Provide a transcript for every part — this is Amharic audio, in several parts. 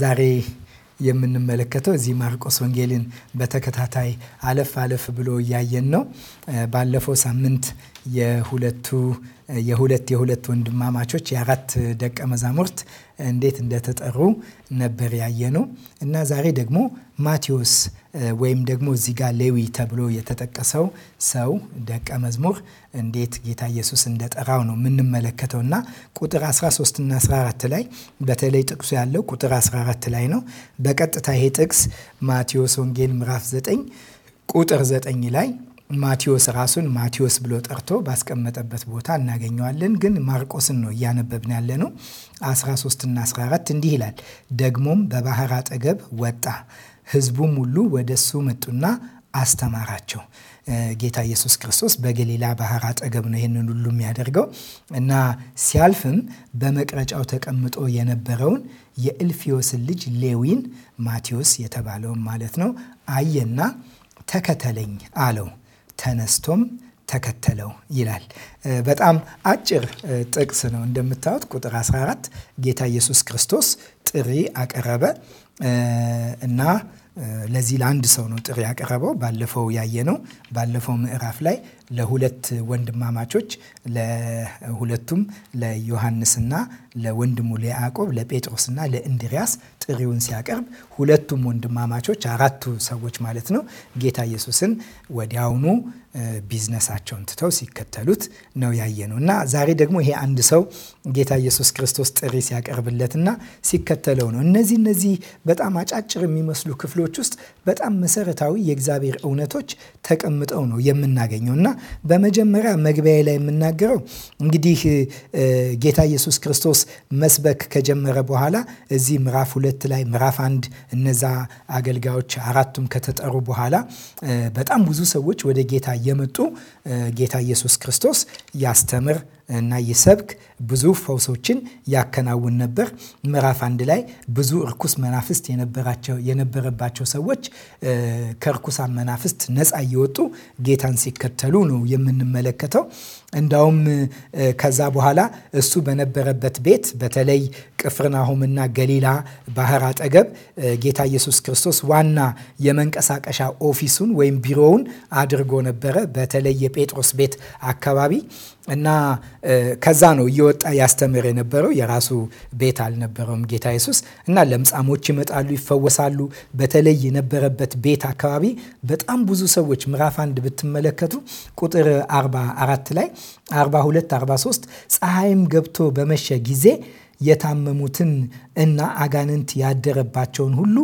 ዛሬ የምንመለከተው እዚህ ማርቆስ ወንጌልን በተከታታይ አለፍ አለፍ ብሎ እያየን ነው። ባለፈው ሳምንት የሁለቱ የሁለት የሁለት ወንድማማቾች የአራት ደቀ መዛሙርት እንዴት እንደተጠሩ ነበር ያየነው እና ዛሬ ደግሞ ማቴዎስ ወይም ደግሞ እዚህ ጋር ሌዊ ተብሎ የተጠቀሰው ሰው ደቀ መዝሙር እንዴት ጌታ ኢየሱስ እንደጠራው ነው የምንመለከተው እና ቁጥር 13 እና 14 ላይ በተለይ ጥቅሱ ያለው ቁጥር 14 ላይ ነው። በቀጥታ ይሄ ጥቅስ ማቴዎስ ወንጌል ምዕራፍ 9 ቁጥር 9 ላይ ማቴዎስ ራሱን ማቴዎስ ብሎ ጠርቶ ባስቀመጠበት ቦታ እናገኘዋለን። ግን ማርቆስን ነው እያነበብን ያለ ነው። 13 እና 14 እንዲህ ይላል። ደግሞም በባህር አጠገብ ወጣ፣ ህዝቡም ሁሉ ወደ እሱ መጡና አስተማራቸው። ጌታ ኢየሱስ ክርስቶስ በገሊላ ባህር አጠገብ ነው ይህንን ሁሉ የሚያደርገው እና ሲያልፍም በመቅረጫው ተቀምጦ የነበረውን የእልፊዮስን ልጅ ሌዊን ማቴዎስ የተባለውን ማለት ነው አየና ተከተለኝ አለው። ተነስቶም ተከተለው ይላል። በጣም አጭር ጥቅስ ነው እንደምታዩት። ቁጥር 14 ጌታ ኢየሱስ ክርስቶስ ጥሪ አቀረበ እና ለዚህ ለአንድ ሰው ነው ጥሪ ያቀረበው። ባለፈው ያየ ነው። ባለፈው ምዕራፍ ላይ ለሁለት ወንድማማቾች ለሁለቱም ለዮሐንስና ለወንድሙ ለያዕቆብ ለጴጥሮስና ለእንድሪያስ ጥሪውን ሲያቀርብ ሁለቱም ወንድማማቾች አራቱ ሰዎች ማለት ነው ጌታ ኢየሱስን ወዲያውኑ ቢዝነሳቸውን ትተው ሲከተሉት ነው ያየ ነው እና ዛሬ ደግሞ ይሄ አንድ ሰው ጌታ ኢየሱስ ክርስቶስ ጥሪ ሲያቀርብለትና ሲከተለው ነው። እነዚህ እነዚህ በጣም አጫጭር የሚመስሉ ክፍሎች ውስጥ በጣም መሰረታዊ የእግዚአብሔር እውነቶች ተቀምጠው ነው የምናገኘው እና በመጀመሪያ መግቢያ ላይ የምናገረው እንግዲህ ጌታ ኢየሱስ ክርስቶስ መስበክ ከጀመረ በኋላ እዚህ ምዕራፍ ሁለት ላይ ምዕራፍ አንድ እነዛ አገልጋዮች አራቱም ከተጠሩ በኋላ በጣም ብዙ ሰዎች ወደ ጌታ እየመጡ ጌታ ኢየሱስ ክርስቶስ ያስተምር እና ይሰብክ ብዙ ፈውሶችን ያከናውን ነበር። ምዕራፍ አንድ ላይ ብዙ እርኩስ መናፍስት የነበረባቸው ሰዎች ከእርኩሳን መናፍስት ነፃ እየወጡ ጌታን ሲከተሉ ነው የምንመለከተው። እንዳውም ከዛ በኋላ እሱ በነበረበት ቤት በተለይ ቅፍርናሆምና ገሊላ ባህር አጠገብ ጌታ ኢየሱስ ክርስቶስ ዋና የመንቀሳቀሻ ኦፊሱን ወይም ቢሮውን አድርጎ ነበረ። በተለይ የጴጥሮስ ቤት አካባቢ እና ከዛ ነው እየወጣ ያስተምር የነበረው። የራሱ ቤት አልነበረውም ጌታ የሱስ እና ለምጻሞች ይመጣሉ፣ ይፈወሳሉ። በተለይ የነበረበት ቤት አካባቢ በጣም ብዙ ሰዎች ምዕራፍ አንድ ብትመለከቱ ቁጥር 44 ላይ 42፣ 43 ፀሐይም ገብቶ በመሸ ጊዜ የታመሙትን እና አጋንንት ያደረባቸውን ሁሉ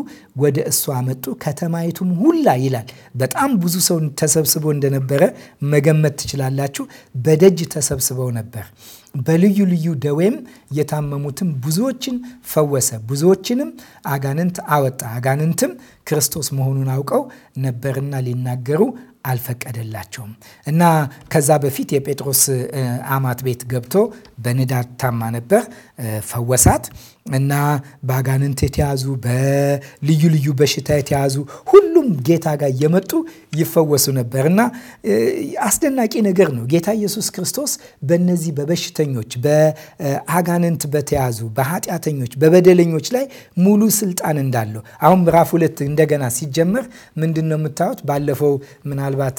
ወደ እሱ አመጡ። ከተማይቱም ሁላ ይላል በጣም ብዙ ሰው ተሰብስቦ እንደነበረ መገመት ትችላላችሁ። በደጅ ተሰብስበው ነበር። በልዩ ልዩ ደዌም የታመሙትን ብዙዎችን ፈወሰ፣ ብዙዎችንም አጋንንት አወጣ። አጋንንትም ክርስቶስ መሆኑን አውቀው ነበርና ሊናገሩ አልፈቀደላቸውም እና ከዛ በፊት የጴጥሮስ አማት ቤት ገብቶ በንዳድ ታማ ነበር፣ ፈወሳት። እና በአጋንንት የተያዙ በልዩ ልዩ በሽታ የተያዙ ሁሉም ጌታ ጋር እየመጡ ይፈወሱ ነበር እና አስደናቂ ነገር ነው። ጌታ ኢየሱስ ክርስቶስ በነዚህ በበሽተኞች፣ በአጋንንት በተያዙ፣ በኃጢአተኞች፣ በበደለኞች ላይ ሙሉ ስልጣን እንዳለው አሁን ምዕራፍ ሁለት እንደገና ሲጀመር ምንድን ነው የምታዩት? ባለፈው ምናልባት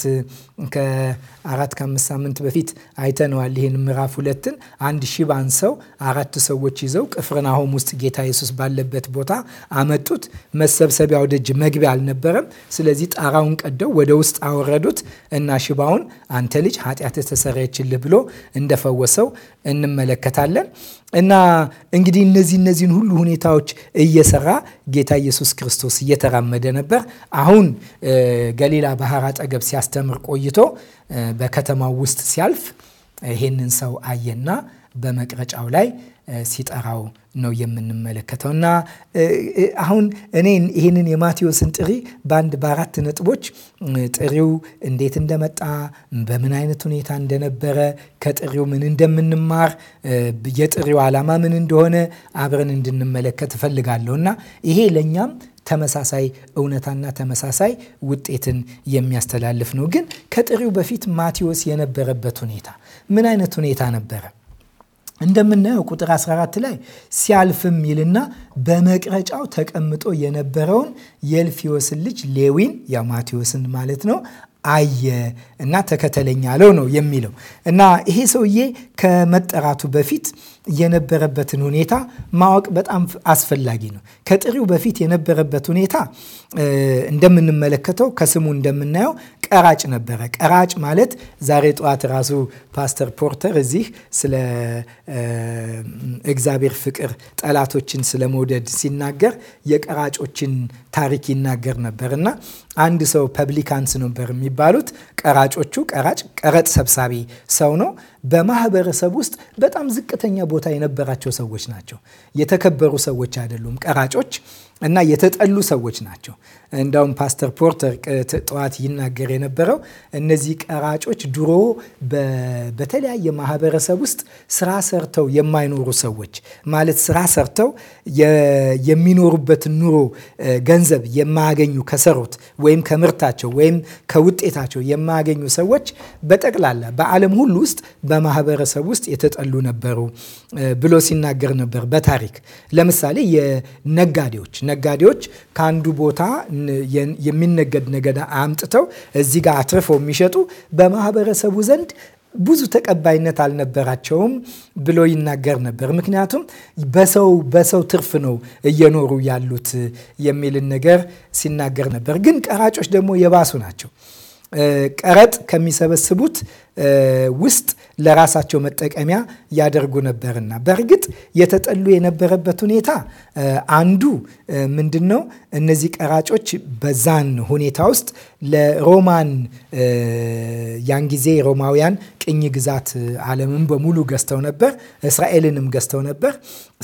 ከአራት ከአምስት ሳምንት በፊት አይተነዋል። ይህን ምዕራፍ ሁለትን አንድ ሺባን ሰው አራት ሰዎች ይዘው ቅፍርናሆም ውስጥ ጌታ ኢየሱስ ባለበት ቦታ አመጡት። መሰብሰቢያው ደጅ መግቢያ አልነበረም። ስለዚህ ጣራውን ቀደው ወደ ውስጥ አወረዱት እና ሽባውን አንተ ልጅ ኃጢአት ተሰረየችልህ ብሎ እንደፈወሰው እንመለከታለን። እና እንግዲህ እነዚህ እነዚህን ሁሉ ሁኔታዎች እየሰራ ጌታ ኢየሱስ ክርስቶስ እየተራመደ ነበር። አሁን ገሊላ ባህር አጠገብ ሲያስተምር ቆይቶ በከተማው ውስጥ ሲያልፍ ይሄንን ሰው አየና በመቅረጫው ላይ ሲጠራው ነው የምንመለከተው። እና አሁን እኔ ይህንን የማቴዎስን ጥሪ በአንድ በአራት ነጥቦች ጥሪው እንዴት እንደመጣ በምን አይነት ሁኔታ እንደነበረ ከጥሪው ምን እንደምንማር የጥሪው ዓላማ ምን እንደሆነ አብረን እንድንመለከት እፈልጋለሁ እና ይሄ ለእኛም ተመሳሳይ እውነታና ተመሳሳይ ውጤትን የሚያስተላልፍ ነው። ግን ከጥሪው በፊት ማቴዎስ የነበረበት ሁኔታ ምን አይነት ሁኔታ ነበረ? እንደምናየው ቁጥር 14 ላይ ሲያልፍም ይልና በመቅረጫው ተቀምጦ የነበረውን የእልፍዮስን ልጅ ሌዊን ያ ማቴዎስን ማለት ነው አየ እና ተከተለኝ አለው ነው የሚለው እና ይሄ ሰውዬ ከመጠራቱ በፊት የነበረበትን ሁኔታ ማወቅ በጣም አስፈላጊ ነው። ከጥሪው በፊት የነበረበት ሁኔታ እንደምንመለከተው ከስሙ እንደምናየው ቀራጭ ነበረ። ቀራጭ ማለት ዛሬ ጠዋት ራሱ ፓስተር ፖርተር እዚህ ስለ እግዚአብሔር ፍቅር ጠላቶችን ስለ መውደድ ሲናገር የቀራጮችን ታሪክ ይናገር ነበር እና አንድ ሰው ፐብሊካንስ ነበር የሚባሉት ቀራጮቹ። ቀራጭ ቀረጥ ሰብሳቢ ሰው ነው። በማህበረሰብ ውስጥ በጣም ዝቅተኛ ቦታ የነበራቸው ሰዎች ናቸው። የተከበሩ ሰዎች አይደሉም። ቀራጮች እና የተጠሉ ሰዎች ናቸው። እንዳውም ፓስተር ፖርተር ጠዋት ይናገር የነበረው እነዚህ ቀራጮች ድሮ በተለያየ ማህበረሰብ ውስጥ ስራ ሰርተው የማይኖሩ ሰዎች ማለት ስራ ሰርተው የሚኖሩበትን ኑሮ ገንዘብ የማያገኙ ከሰሩት ወይም ከምርታቸው ወይም ከውጤታቸው የማያገኙ ሰዎች በጠቅላላ በዓለም ሁሉ ውስጥ በማህበረሰብ ውስጥ የተጠሉ ነበሩ ብሎ ሲናገር ነበር። በታሪክ ለምሳሌ የነጋዴዎች ነጋዴዎች ከአንዱ ቦታ የሚነገድ ነገር አምጥተው እዚህ ጋር አትርፈው የሚሸጡ በማህበረሰቡ ዘንድ ብዙ ተቀባይነት አልነበራቸውም ብሎ ይናገር ነበር። ምክንያቱም በሰው በሰው ትርፍ ነው እየኖሩ ያሉት የሚልን ነገር ሲናገር ነበር። ግን ቀራጮች ደግሞ የባሱ ናቸው። ቀረጥ ከሚሰበስቡት ውስጥ ለራሳቸው መጠቀሚያ ያደርጉ ነበርና በእርግጥ የተጠሉ የነበረበት ሁኔታ አንዱ ምንድን ነው? እነዚህ ቀራጮች በዛን ሁኔታ ውስጥ ለሮማን ያን ጊዜ ሮማውያን ቅኝ ግዛት ዓለምን በሙሉ ገዝተው ነበር፣ እስራኤልንም ገዝተው ነበር።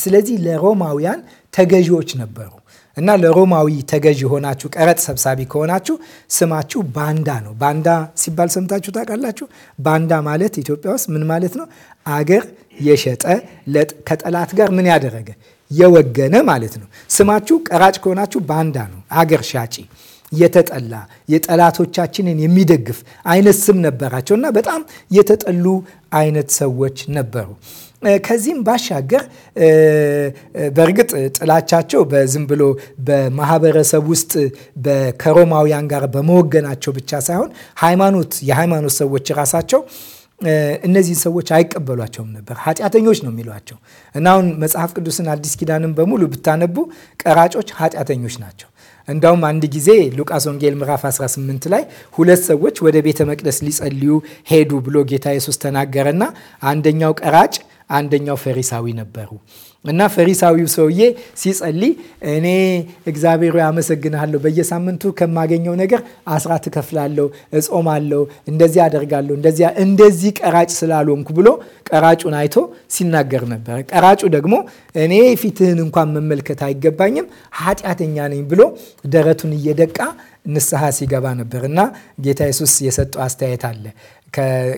ስለዚህ ለሮማውያን ተገዢዎች ነበሩ። እና ለሮማዊ ተገዥ የሆናችሁ ቀረጥ ሰብሳቢ ከሆናችሁ ስማችሁ ባንዳ ነው። ባንዳ ሲባል ሰምታችሁ ታውቃላችሁ? ባንዳ ማለት ኢትዮጵያ ውስጥ ምን ማለት ነው? አገር የሸጠ ከጠላት ጋር ምን ያደረገ የወገነ ማለት ነው። ስማችሁ ቀራጭ ከሆናችሁ ባንዳ ነው፣ አገር ሻጪ የተጠላ የጠላቶቻችንን የሚደግፍ አይነት ስም ነበራቸው እና በጣም የተጠሉ አይነት ሰዎች ነበሩ። ከዚህም ባሻገር በእርግጥ ጥላቻቸው በዝም ብሎ በማህበረሰብ ውስጥ ከሮማውያን ጋር በመወገናቸው ብቻ ሳይሆን ሃይማኖት የሃይማኖት ሰዎች ራሳቸው እነዚህን ሰዎች አይቀበሏቸውም ነበር። ኃጢአተኞች ነው የሚሏቸው እና አሁን መጽሐፍ ቅዱስን አዲስ ኪዳንን በሙሉ ብታነቡ ቀራጮች ኃጢአተኞች ናቸው። እንዳውም አንድ ጊዜ ሉቃስ ወንጌል ምዕራፍ 18 ላይ ሁለት ሰዎች ወደ ቤተ መቅደስ ሊጸልዩ ሄዱ ብሎ ጌታ ኢየሱስ ተናገረና አንደኛው ቀራጭ አንደኛው ፈሪሳዊ ነበሩ እና ፈሪሳዊው ሰውዬ ሲጸልይ እኔ እግዚአብሔር አመሰግናለሁ፣ በየሳምንቱ ከማገኘው ነገር አስራት እከፍላለሁ፣ እጾማለሁ፣ እንደዚህ አደርጋለሁ፣ እንደዚያ እንደዚህ ቀራጭ ስላልሆንኩ ብሎ ቀራጩን አይቶ ሲናገር ነበር ቀራጩ ደግሞ እኔ ፊትህን እንኳን መመልከት አይገባኝም፣ ኃጢአተኛ ነኝ ብሎ ደረቱን እየደቃ ንስሐ ሲገባ ነበር እና ጌታ የሱስ የሰጠው አስተያየት አለ።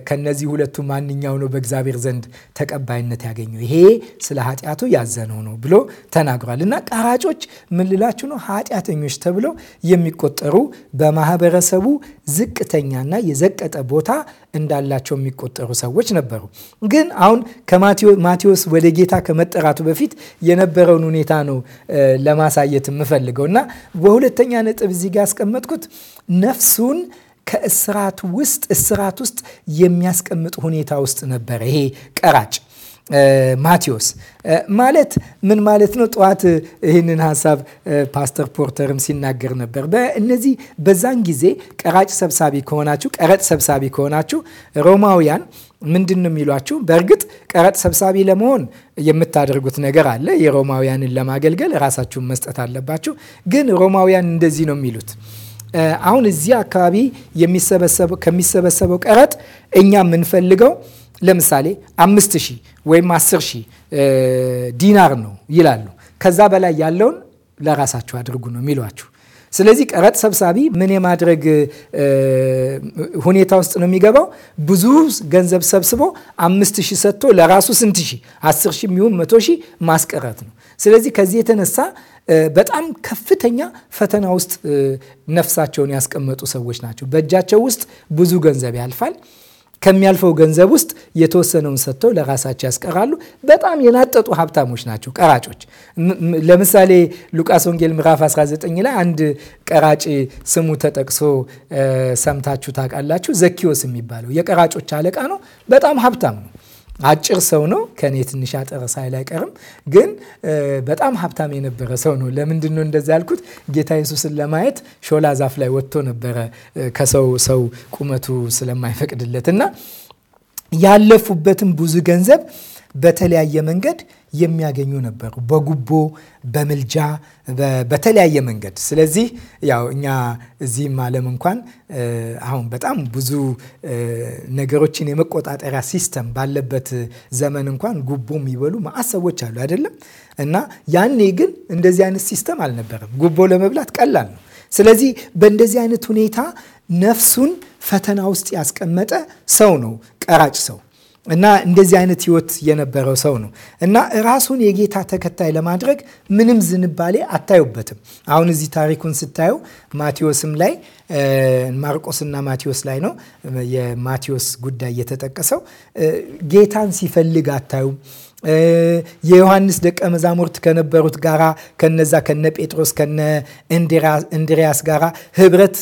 ከነዚህ ሁለቱ ማንኛው ነው በእግዚአብሔር ዘንድ ተቀባይነት ያገኘው? ይሄ ስለ ኃጢአቱ ያዘነው ነው ብሎ ተናግሯል። እና ቀራጮች ምን ልላችሁ ነው? ኃጢአተኞች ተብለው የሚቆጠሩ በማህበረሰቡ ዝቅተኛና የዘቀጠ ቦታ እንዳላቸው የሚቆጠሩ ሰዎች ነበሩ። ግን አሁን ከማቴዎስ ወደ ጌታ ከመጠራቱ በፊት የነበረውን ሁኔታ ነው ለማሳየት የምፈልገው እና በሁለተኛ ነጥብ እዚህ ጋር ያስቀመጥኩት ነፍሱን ከእስራት ውስጥ እስራት ውስጥ የሚያስቀምጥ ሁኔታ ውስጥ ነበረ ይሄ ቀራጭ ማቴዎስ ማለት ምን ማለት ነው? ጠዋት ይህንን ሀሳብ ፓስተር ፖርተርም ሲናገር ነበር። በእነዚህ በዛን ጊዜ ቀራጭ ሰብሳቢ ከሆናችሁ ቀረጥ ሰብሳቢ ከሆናችሁ ሮማውያን ምንድን ነው የሚሏችሁ? በእርግጥ ቀረጥ ሰብሳቢ ለመሆን የምታደርጉት ነገር አለ። የሮማውያንን ለማገልገል ራሳችሁን መስጠት አለባችሁ። ግን ሮማውያን እንደዚህ ነው የሚሉት አሁን እዚህ አካባቢ ከሚሰበሰበው ቀረጥ እኛ የምንፈልገው ለምሳሌ አምስት ሺህ ወይም አስር ሺህ ዲናር ነው ይላሉ። ከዛ በላይ ያለውን ለራሳችሁ አድርጉ ነው የሚሏችሁ። ስለዚህ ቀረጥ ሰብሳቢ ምን የማድረግ ሁኔታ ውስጥ ነው የሚገባው? ብዙ ገንዘብ ሰብስቦ አምስት ሺህ ሰጥቶ ለራሱ ስንት ሺህ አስር ሺህ የሚሆን መቶ ሺህ ማስቀረት ነው። ስለዚህ ከዚህ የተነሳ በጣም ከፍተኛ ፈተና ውስጥ ነፍሳቸውን ያስቀመጡ ሰዎች ናቸው። በእጃቸው ውስጥ ብዙ ገንዘብ ያልፋል። ከሚያልፈው ገንዘብ ውስጥ የተወሰነውን ሰጥተው ለራሳቸው ያስቀራሉ። በጣም የናጠጡ ሀብታሞች ናቸው ቀራጮች። ለምሳሌ ሉቃስ ወንጌል ምዕራፍ 19 ላይ አንድ ቀራጭ ስሙ ተጠቅሶ ሰምታችሁ ታውቃላችሁ። ዘኪዎስ የሚባለው የቀራጮች አለቃ ነው። በጣም ሀብታም ነው። አጭር ሰው ነው። ከኔ ትንሽ አጠረ ሳይል አይቀርም፣ ግን በጣም ሀብታም የነበረ ሰው ነው። ለምንድን ነው እንደዚ ያልኩት? ጌታ ኢየሱስን ለማየት ሾላ ዛፍ ላይ ወጥቶ ነበረ ከሰው ሰው ቁመቱ ስለማይፈቅድለት እና ያለፉበትን ብዙ ገንዘብ በተለያየ መንገድ የሚያገኙ ነበሩ። በጉቦ፣ በምልጃ፣ በተለያየ መንገድ። ስለዚህ ያው እኛ እዚህም ዓለም እንኳን አሁን በጣም ብዙ ነገሮችን የመቆጣጠሪያ ሲስተም ባለበት ዘመን እንኳን ጉቦ የሚበሉ መዓት ሰዎች አሉ አይደለም። እና ያኔ ግን እንደዚህ አይነት ሲስተም አልነበረም። ጉቦ ለመብላት ቀላል ነው። ስለዚህ በእንደዚህ አይነት ሁኔታ ነፍሱን ፈተና ውስጥ ያስቀመጠ ሰው ነው ቀራጭ ሰው። እና እንደዚህ አይነት ህይወት የነበረው ሰው ነው እና ራሱን የጌታ ተከታይ ለማድረግ ምንም ዝንባሌ አታዩበትም። አሁን እዚህ ታሪኩን ስታዩ ማቴዎስም ላይ ማርቆስና ማቴዎስ ላይ ነው የማቴዎስ ጉዳይ የተጠቀሰው። ጌታን ሲፈልግ አታዩም። የዮሐንስ ደቀ መዛሙርት ከነበሩት ጋራ ከነዛ ከነ ጴጥሮስ ከነ እንድሪያስ ጋራ ህብረት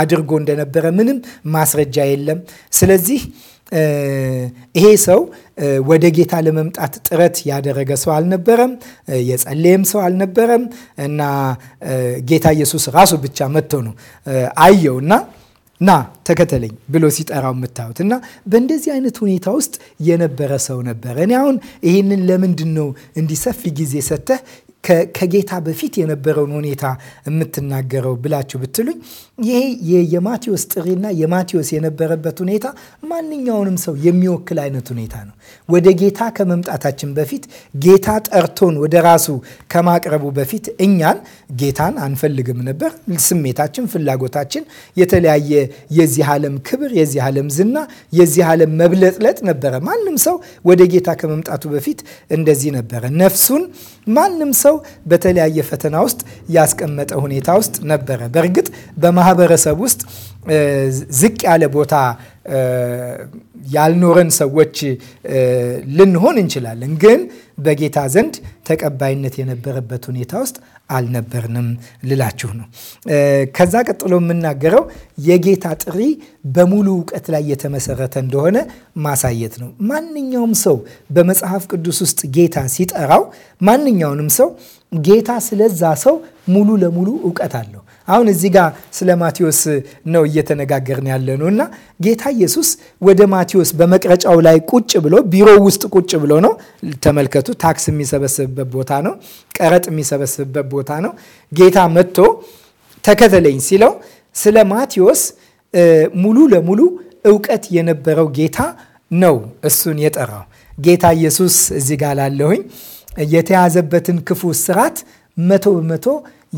አድርጎ እንደነበረ ምንም ማስረጃ የለም። ስለዚህ ይሄ ሰው ወደ ጌታ ለመምጣት ጥረት ያደረገ ሰው አልነበረም። የጸለየም ሰው አልነበረም እና ጌታ ኢየሱስ ራሱ ብቻ መጥቶ ነው አየው እና ና ተከተለኝ ብሎ ሲጠራው የምታዩት እና በእንደዚህ አይነት ሁኔታ ውስጥ የነበረ ሰው ነበረ። እኔ አሁን ይህንን ለምንድን ነው እንዲህ ሰፊ ጊዜ ሰጥተህ ከጌታ በፊት የነበረውን ሁኔታ የምትናገረው ብላችሁ ብትሉኝ ይሄ የማቴዎስ ጥሪና የማቴዎስ የነበረበት ሁኔታ ማንኛውንም ሰው የሚወክል አይነት ሁኔታ ነው። ወደ ጌታ ከመምጣታችን በፊት ጌታ ጠርቶን ወደ ራሱ ከማቅረቡ በፊት እኛን ጌታን አንፈልግም ነበር። ስሜታችን፣ ፍላጎታችን የተለያየ የዚህ ዓለም ክብር፣ የዚህ ዓለም ዝና፣ የዚህ ዓለም መብለጥለጥ ነበረ። ማንም ሰው ወደ ጌታ ከመምጣቱ በፊት እንደዚህ ነበረ። ነፍሱን ማንም ሰው ሰው በተለያየ ፈተና ውስጥ ያስቀመጠ ሁኔታ ውስጥ ነበረ። በእርግጥ በማህበረሰብ ውስጥ ዝቅ ያለ ቦታ ያልኖረን ሰዎች ልንሆን እንችላለን ግን በጌታ ዘንድ ተቀባይነት የነበረበት ሁኔታ ውስጥ አልነበርንም ልላችሁ ነው። ከዛ ቀጥሎ የምናገረው የጌታ ጥሪ በሙሉ እውቀት ላይ የተመሰረተ እንደሆነ ማሳየት ነው። ማንኛውም ሰው በመጽሐፍ ቅዱስ ውስጥ ጌታ ሲጠራው ማንኛውንም ሰው ጌታ ስለዛ ሰው ሙሉ ለሙሉ እውቀት አለው። አሁን እዚህ ጋር ስለ ማቴዎስ ነው እየተነጋገርን ያለ ነው እና ጌታ ኢየሱስ ወደ ማቴዎስ በመቅረጫው ላይ ቁጭ ብሎ ቢሮ ውስጥ ቁጭ ብሎ ነው። ተመልከቱ፣ ታክስ የሚሰበስብበት ቦታ ነው። ቀረጥ የሚሰበስብበት ቦታ ነው። ጌታ መጥቶ ተከተለኝ ሲለው ስለ ማቴዎስ ሙሉ ለሙሉ እውቀት የነበረው ጌታ ነው እሱን የጠራው። ጌታ ኢየሱስ እዚህ ጋር ላለሁኝ የተያዘበትን ክፉ ስርዓት መቶ በመቶ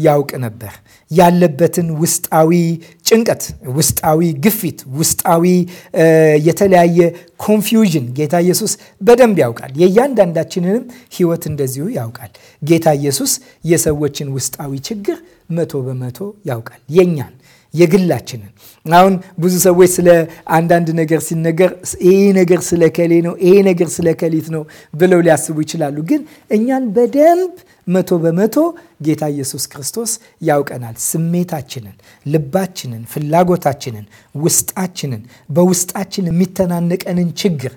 ያውቅ ነበር። ያለበትን ውስጣዊ ጭንቀት፣ ውስጣዊ ግፊት፣ ውስጣዊ የተለያየ ኮንፊውዥን ጌታ ኢየሱስ በደንብ ያውቃል። የእያንዳንዳችንንም ሕይወት እንደዚሁ ያውቃል። ጌታ ኢየሱስ የሰዎችን ውስጣዊ ችግር መቶ በመቶ ያውቃል የእኛን የግላችንን አሁን ብዙ ሰዎች ስለ አንዳንድ ነገር ሲነገር ይሄ ነገር ስለ ከሌ ነው፣ ይሄ ነገር ስለ ከሊት ነው ብለው ሊያስቡ ይችላሉ። ግን እኛን በደንብ መቶ በመቶ ጌታ ኢየሱስ ክርስቶስ ያውቀናል። ስሜታችንን፣ ልባችንን፣ ፍላጎታችንን፣ ውስጣችንን፣ በውስጣችን የሚተናነቀንን ችግር፣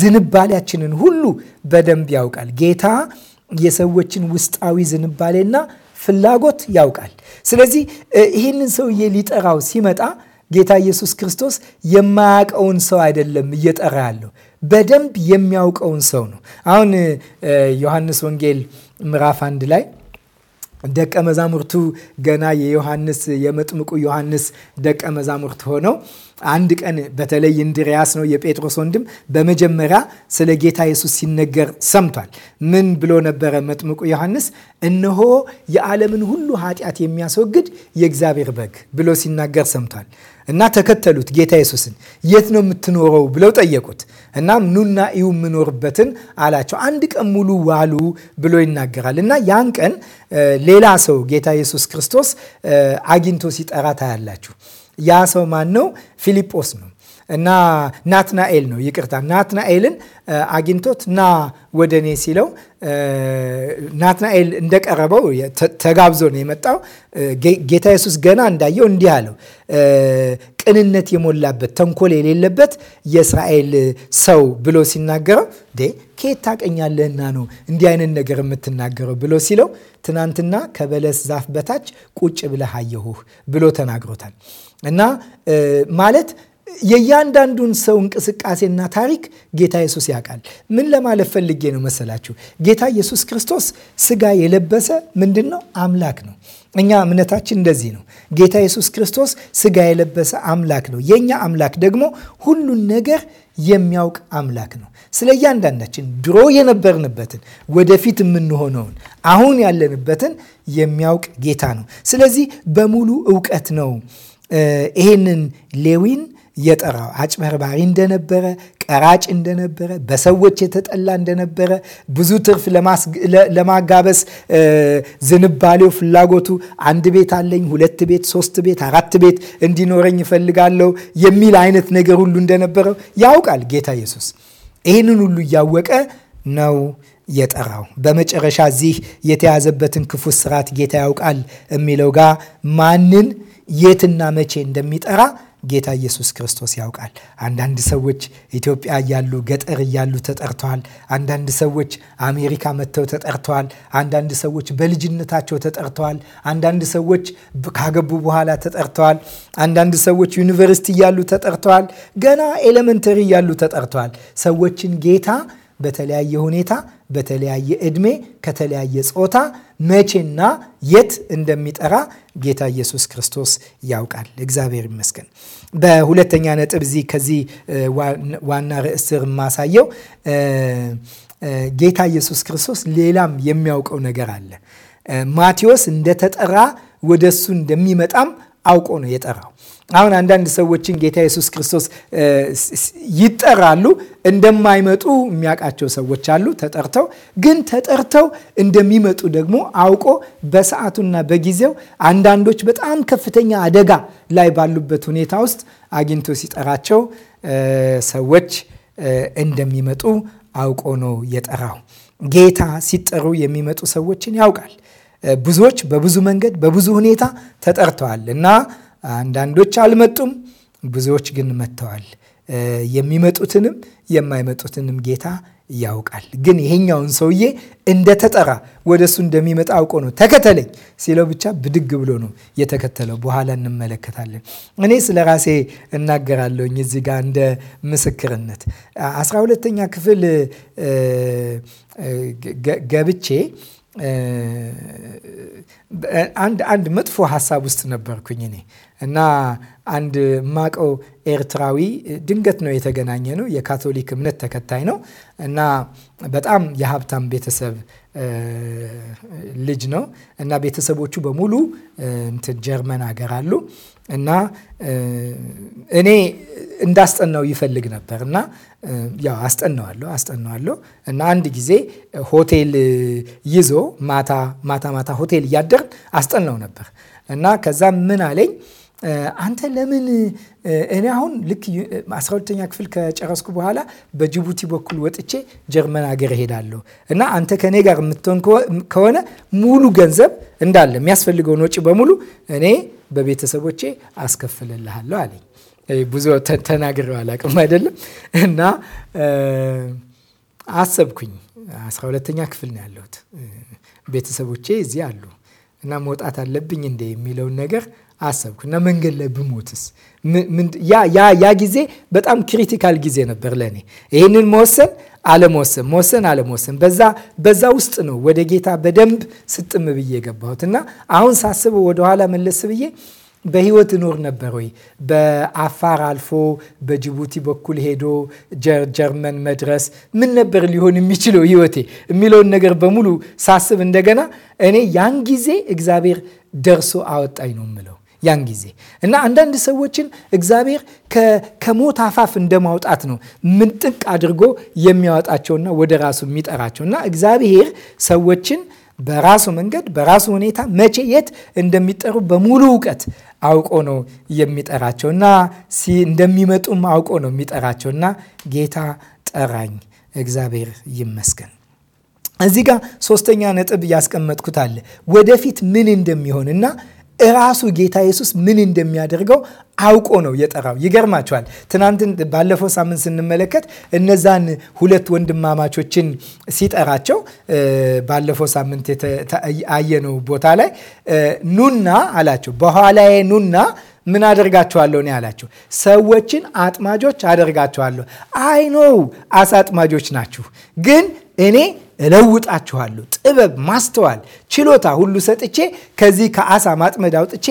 ዝንባሌያችንን ሁሉ በደንብ ያውቃል። ጌታ የሰዎችን ውስጣዊ ዝንባሌና ፍላጎት ያውቃል። ስለዚህ ይህንን ሰውዬ ሊጠራው ሲመጣ ጌታ ኢየሱስ ክርስቶስ የማያውቀውን ሰው አይደለም እየጠራ ያለው በደንብ የሚያውቀውን ሰው ነው። አሁን ዮሐንስ ወንጌል ምዕራፍ አንድ ላይ ደቀ መዛሙርቱ ገና የዮሐንስ የመጥምቁ ዮሐንስ ደቀ መዛሙርት ሆነው አንድ ቀን በተለይ እንድሪያስ ነው የጴጥሮስ ወንድም በመጀመሪያ ስለ ጌታ ኢየሱስ ሲነገር ሰምቷል። ምን ብሎ ነበረ መጥምቁ ዮሐንስ? እነሆ የዓለምን ሁሉ ኃጢአት የሚያስወግድ የእግዚአብሔር በግ ብሎ ሲናገር ሰምቷል። እና ተከተሉት ጌታ ኢየሱስን። የት ነው የምትኖረው ብለው ጠየቁት። እና ኑና እዩ የምኖርበትን አላቸው። አንድ ቀን ሙሉ ዋሉ ብሎ ይናገራል እና ያን ቀን ሌላ ሰው ጌታ ኢየሱስ ክርስቶስ አግኝቶ ሲጠራ ታያላችሁ። ያ ሰው ማን ነው? ፊልጶስ ነው። እና ናትናኤል ነው ይቅርታ፣ ናትናኤልን አግኝቶት ና ወደ እኔ ሲለው ናትናኤል እንደቀረበው ተጋብዞ ነው የመጣው። ጌታ ኢየሱስ ገና እንዳየው እንዲህ አለው፣ ቅንነት የሞላበት ተንኮል የሌለበት የእስራኤል ሰው ብሎ ሲናገረው ከየት ታቀኛለህና ነው እንዲህ አይነት ነገር የምትናገረው ብሎ ሲለው ትናንትና ከበለስ ዛፍ በታች ቁጭ ብለህ አየሁህ ብሎ ተናግሮታል እና ማለት የእያንዳንዱን ሰው እንቅስቃሴና ታሪክ ጌታ ኢየሱስ ያውቃል። ምን ለማለት ፈልጌ ነው መሰላችሁ? ጌታ ኢየሱስ ክርስቶስ ስጋ የለበሰ ምንድን ነው? አምላክ ነው። እኛ እምነታችን እንደዚህ ነው። ጌታ ኢየሱስ ክርስቶስ ስጋ የለበሰ አምላክ ነው። የእኛ አምላክ ደግሞ ሁሉን ነገር የሚያውቅ አምላክ ነው። ስለ እያንዳንዳችን ድሮ የነበርንበትን፣ ወደፊት የምንሆነውን፣ አሁን ያለንበትን የሚያውቅ ጌታ ነው። ስለዚህ በሙሉ እውቀት ነው ይሄንን ሌዊን የጠራው። አጭበርባሪ እንደነበረ፣ ቀራጭ እንደነበረ፣ በሰዎች የተጠላ እንደነበረ፣ ብዙ ትርፍ ለማጋበስ ዝንባሌው፣ ፍላጎቱ አንድ ቤት አለኝ፣ ሁለት ቤት፣ ሶስት ቤት፣ አራት ቤት እንዲኖረኝ እፈልጋለሁ የሚል አይነት ነገር ሁሉ እንደነበረው ያውቃል ጌታ ኢየሱስ። ይህንን ሁሉ እያወቀ ነው የጠራው። በመጨረሻ እዚህ የተያዘበትን ክፉ ስርዓት ጌታ ያውቃል የሚለው ጋር ማንን የትና መቼ እንደሚጠራ ጌታ ኢየሱስ ክርስቶስ ያውቃል። አንዳንድ ሰዎች ኢትዮጵያ እያሉ ገጠር እያሉ ተጠርተዋል። አንዳንድ ሰዎች አሜሪካ መጥተው ተጠርተዋል። አንዳንድ ሰዎች በልጅነታቸው ተጠርተዋል። አንዳንድ ሰዎች ካገቡ በኋላ ተጠርተዋል። አንዳንድ ሰዎች ዩኒቨርሲቲ እያሉ ተጠርተዋል። ገና ኤሌመንተሪ እያሉ ተጠርተዋል። ሰዎችን ጌታ በተለያየ ሁኔታ በተለያየ እድሜ ከተለያየ ጾታ መቼና የት እንደሚጠራ ጌታ ኢየሱስ ክርስቶስ ያውቃል። እግዚአብሔር ይመስገን። በሁለተኛ ነጥብ እዚህ ከዚህ ዋና ርዕስ ስር የማሳየው ጌታ ኢየሱስ ክርስቶስ ሌላም የሚያውቀው ነገር አለ። ማቴዎስ እንደተጠራ ወደ እሱ እንደሚመጣም አውቆ ነው የጠራው። አሁን አንዳንድ ሰዎችን ጌታ ኢየሱስ ክርስቶስ ይጠራሉ። እንደማይመጡ የሚያውቃቸው ሰዎች አሉ ተጠርተው ግን ተጠርተው እንደሚመጡ ደግሞ አውቆ በሰዓቱና በጊዜው አንዳንዶች በጣም ከፍተኛ አደጋ ላይ ባሉበት ሁኔታ ውስጥ አግኝቶ ሲጠራቸው ሰዎች እንደሚመጡ አውቆ ነው የጠራው። ጌታ ሲጠሩ የሚመጡ ሰዎችን ያውቃል። ብዙዎች በብዙ መንገድ በብዙ ሁኔታ ተጠርተዋል እና አንዳንዶች አልመጡም፣ ብዙዎች ግን መጥተዋል። የሚመጡትንም የማይመጡትንም ጌታ ያውቃል። ግን ይሄኛውን ሰውዬ እንደተጠራ ወደ እሱ እንደሚመጣ አውቆ ነው ተከተለኝ ሲለው ብቻ ብድግ ብሎ ነው የተከተለው። በኋላ እንመለከታለን። እኔ ስለ ራሴ እናገራለሁኝ እዚህ ጋር እንደ ምስክርነት አስራ ሁለተኛ ክፍል ገብቼ አንድ አንድ መጥፎ ሀሳብ ውስጥ ነበርኩኝ እኔ እና አንድ ማቀው ኤርትራዊ ድንገት ነው የተገናኘ ነው። የካቶሊክ እምነት ተከታይ ነው እና በጣም የሀብታም ቤተሰብ ልጅ ነው እና ቤተሰቦቹ በሙሉ እንትን ጀርመን ሀገር አሉ እና እኔ እንዳስጠናው ይፈልግ ነበር እና ያው አስጠናዋለሁ አስጠናዋለሁ እና አንድ ጊዜ ሆቴል ይዞ ማታ ማታ ማታ ሆቴል እያደርን አስጠናው ነበር እና ከዛ ምን አለኝ አንተ ለምን እኔ አሁን ልክ አስራ ሁለተኛ ክፍል ከጨረስኩ በኋላ በጅቡቲ በኩል ወጥቼ ጀርመን ሀገር እሄዳለሁ እና አንተ ከእኔ ጋር የምትሆን ከሆነ ሙሉ ገንዘብ እንዳለ የሚያስፈልገውን ወጪ በሙሉ እኔ በቤተሰቦቼ አስከፍልልሃለሁ አለኝ። ብዙ ተናግሬው አላቅም አይደለም። እና አሰብኩኝ። አስራ ሁለተኛ ክፍል ነው ያለሁት። ቤተሰቦቼ እዚህ አሉ እና መውጣት አለብኝ እንደ የሚለውን ነገር አሰብኩ እና መንገድ ላይ ብሞትስ? ያ ጊዜ በጣም ክሪቲካል ጊዜ ነበር ለእኔ ይህንን መወሰን አለመወሰን መወሰን አለመወሰን በዛ በዛ ውስጥ ነው ወደ ጌታ በደንብ ስጥም ብዬ የገባሁት እና አሁን ሳስበው ወደኋላ መለስ ብዬ በህይወት እኖር ነበር ወይ? በአፋር አልፎ በጅቡቲ በኩል ሄዶ ጀርመን መድረስ ምን ነበር ሊሆን የሚችለው ህይወቴ የሚለውን ነገር በሙሉ ሳስብ እንደገና እኔ ያን ጊዜ እግዚአብሔር ደርሶ አወጣኝ ነው የምለው። ያን ጊዜ እና አንዳንድ ሰዎችን እግዚአብሔር ከሞት አፋፍ እንደ ማውጣት ነው ምንጥቅ አድርጎ የሚያወጣቸውና ወደ ራሱ የሚጠራቸው እና እግዚአብሔር ሰዎችን በራሱ መንገድ በራሱ ሁኔታ መቼ የት እንደሚጠሩ በሙሉ እውቀት አውቆ ነው የሚጠራቸው እና እንደሚመጡም አውቆ ነው የሚጠራቸው እና ጌታ ጠራኝ፣ እግዚአብሔር ይመስገን። እዚህ ጋር ሶስተኛ ነጥብ ያስቀመጥኩት አለ ወደፊት ምን እንደሚሆን እና እራሱ ጌታ ኢየሱስ ምን እንደሚያደርገው አውቆ ነው የጠራው። ይገርማቸዋል። ትናንት ባለፈው ሳምንት ስንመለከት እነዛን ሁለት ወንድማማቾችን ሲጠራቸው ባለፈው ሳምንት አየነው ቦታ ላይ ኑና አላቸው። በኋላዬ ኑና ምን አደርጋቸዋለሁ ነው ያላቸው። ሰዎችን አጥማጆች አደርጋቸዋለሁ። አይኖው አሳ አጥማጆች ናችሁ፣ ግን እኔ እለውጣችኋለሁ፣ ጥበብ፣ ማስተዋል፣ ችሎታ ሁሉ ሰጥቼ ከዚህ ከአሳ ማጥመድ አውጥቼ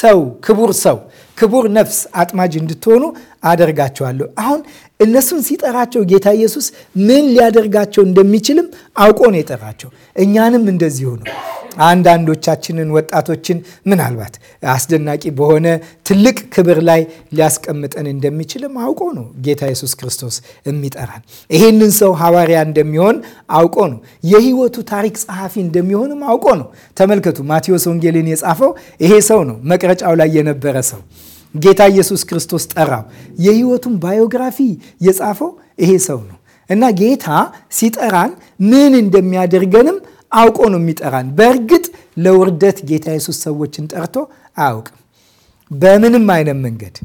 ሰው ክቡር ሰው ክቡር ነፍስ አጥማጅ እንድትሆኑ አደርጋችኋለሁ። አሁን እነሱን ሲጠራቸው ጌታ ኢየሱስ ምን ሊያደርጋቸው እንደሚችልም አውቆ ነው የጠራቸው። እኛንም እንደዚሁ ነው። አንዳንዶቻችንን ወጣቶችን ምናልባት አስደናቂ በሆነ ትልቅ ክብር ላይ ሊያስቀምጠን እንደሚችልም አውቆ ነው ጌታ ኢየሱስ ክርስቶስ የሚጠራን። ይሄንን ሰው ሐዋርያ እንደሚሆን አውቆ ነው። የህይወቱ ታሪክ ጸሐፊ እንደሚሆንም አውቆ ነው። ተመልከቱ፣ ማቴዎስ ወንጌልን የጻፈው ይሄ ሰው ነው፣ መቅረጫው ላይ የነበረ ሰው ጌታ ኢየሱስ ክርስቶስ ጠራው። የህይወቱን ባዮግራፊ የጻፈው ይሄ ሰው ነው እና ጌታ ሲጠራን ምን እንደሚያደርገንም አውቆ ነው የሚጠራን። በእርግጥ ለውርደት ጌታ ኢየሱስ ሰዎችን ጠርቶ አያውቅም በምንም አይነት መንገድ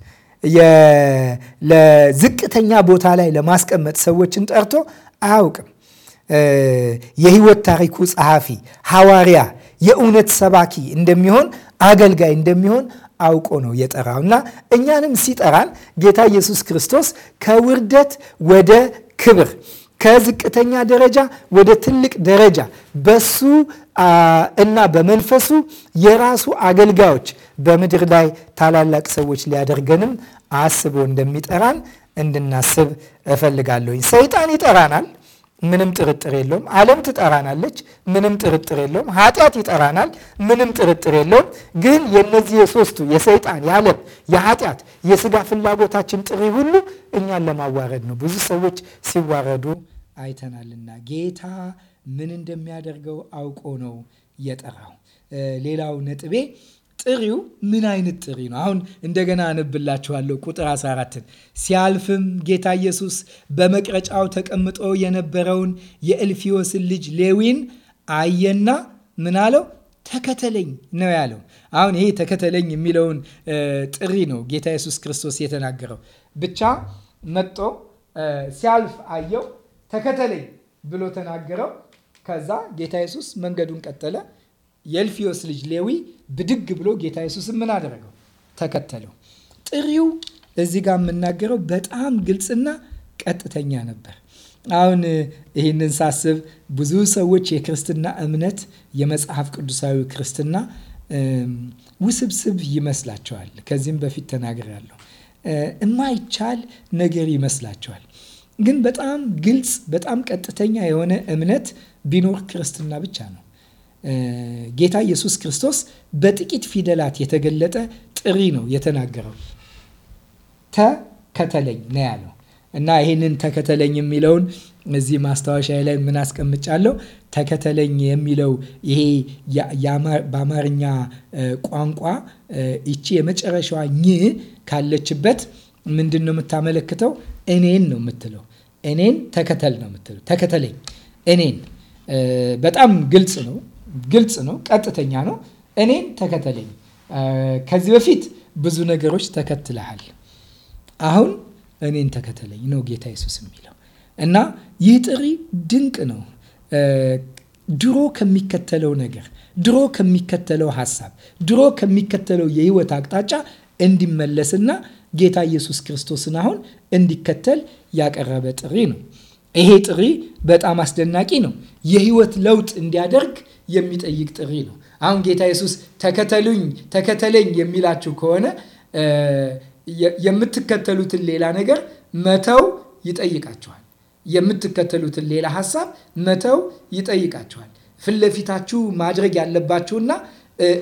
ለዝቅተኛ ቦታ ላይ ለማስቀመጥ ሰዎችን ጠርቶ አያውቅም። የህይወት ታሪኩ ጸሐፊ ሐዋርያ፣ የእውነት ሰባኪ እንደሚሆን አገልጋይ እንደሚሆን አውቆ ነው የጠራው እና እኛንም ሲጠራን ጌታ ኢየሱስ ክርስቶስ ከውርደት ወደ ክብር ከዝቅተኛ ደረጃ ወደ ትልቅ ደረጃ በሱ እና በመንፈሱ የራሱ አገልጋዮች በምድር ላይ ታላላቅ ሰዎች ሊያደርገንም አስቦ እንደሚጠራን እንድናስብ እፈልጋለሁኝ። ሰይጣን ይጠራናል። ምንም ጥርጥር የለውም። ዓለም ትጠራናለች፣ ምንም ጥርጥር የለውም። ኃጢአት ይጠራናል፣ ምንም ጥርጥር የለውም። ግን የነዚህ የሶስቱ የሰይጣን፣ የዓለም፣ የኃጢአት የስጋ ፍላጎታችን ጥሪ ሁሉ እኛን ለማዋረድ ነው። ብዙ ሰዎች ሲዋረዱ አይተናልና ጌታ ምን እንደሚያደርገው አውቆ ነው የጠራው። ሌላው ነጥቤ ጥሪው ምን አይነት ጥሪ ነው? አሁን እንደገና አነብላችኋለሁ ቁጥር 14ን ሲያልፍም ጌታ ኢየሱስ በመቅረጫው ተቀምጦ የነበረውን የእልፊዮስን ልጅ ሌዊን አየና ምን አለው? ተከተለኝ ነው ያለው። አሁን ይሄ ተከተለኝ የሚለውን ጥሪ ነው ጌታ ኢየሱስ ክርስቶስ የተናገረው። ብቻ መጦ ሲያልፍ አየው፣ ተከተለኝ ብሎ ተናገረው። ከዛ ጌታ ኢየሱስ መንገዱን ቀጠለ። የእልፊዮስ ልጅ ሌዊ ብድግ ብሎ ጌታ ኢየሱስን ምን አደረገው? ተከተለው። ጥሪው እዚህ ጋር የምናገረው በጣም ግልጽና ቀጥተኛ ነበር። አሁን ይህንን ሳስብ ብዙ ሰዎች የክርስትና እምነት የመጽሐፍ ቅዱሳዊ ክርስትና ውስብስብ ይመስላቸዋል። ከዚህም በፊት ተናግሬያለሁ። እማይቻል ነገር ይመስላቸዋል። ግን በጣም ግልጽ፣ በጣም ቀጥተኛ የሆነ እምነት ቢኖር ክርስትና ብቻ ነው። ጌታ ኢየሱስ ክርስቶስ በጥቂት ፊደላት የተገለጠ ጥሪ ነው የተናገረው። ተከተለኝ ነው ያለው እና ይህንን ተከተለኝ የሚለውን እዚህ ማስታወሻ ላይ ምን አስቀምጫለሁ? ተከተለኝ የሚለው ይሄ በአማርኛ ቋንቋ ይቺ የመጨረሻዋ ኝ ካለችበት ምንድን ነው የምታመለክተው? እኔን ነው የምትለው። እኔን ተከተል ነው የምትለው። ተከተለኝ፣ እኔን በጣም ግልጽ ነው ግልጽ ነው፣ ቀጥተኛ ነው። እኔን ተከተለኝ። ከዚህ በፊት ብዙ ነገሮች ተከትለሃል፣ አሁን እኔን ተከተለኝ ነው ጌታ ኢየሱስ የሚለው እና ይህ ጥሪ ድንቅ ነው። ድሮ ከሚከተለው ነገር፣ ድሮ ከሚከተለው ሀሳብ፣ ድሮ ከሚከተለው የህይወት አቅጣጫ እንዲመለስና ጌታ ኢየሱስ ክርስቶስን አሁን እንዲከተል ያቀረበ ጥሪ ነው። ይሄ ጥሪ በጣም አስደናቂ ነው። የህይወት ለውጥ እንዲያደርግ የሚጠይቅ ጥሪ ነው። አሁን ጌታ ኢየሱስ ተከተሉኝ፣ ተከተለኝ የሚላችሁ ከሆነ የምትከተሉትን ሌላ ነገር መተው ይጠይቃችኋል። የምትከተሉትን ሌላ ሀሳብ መተው ይጠይቃችኋል። ፊት ለፊታችሁ ማድረግ ያለባችሁና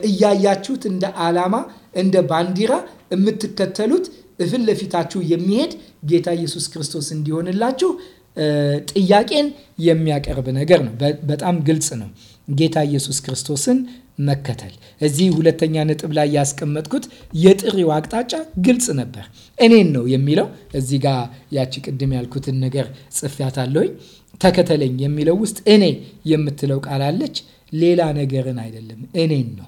እያያችሁት እንደ ዓላማ እንደ ባንዲራ የምትከተሉት ፊት ለፊታችሁ የሚሄድ ጌታ ኢየሱስ ክርስቶስ እንዲሆንላችሁ ጥያቄን የሚያቀርብ ነገር ነው። በጣም ግልጽ ነው። ጌታ ኢየሱስ ክርስቶስን መከተል እዚህ ሁለተኛ ነጥብ ላይ ያስቀመጥኩት የጥሪው አቅጣጫ ግልጽ ነበር። እኔን ነው የሚለው እዚህ ጋ ያቺ ቅድም ያልኩትን ነገር ጽፌያታለሁኝ። ተከተለኝ የሚለው ውስጥ እኔ የምትለው ቃል አለች። ሌላ ነገርን አይደለም፣ እኔን ነው።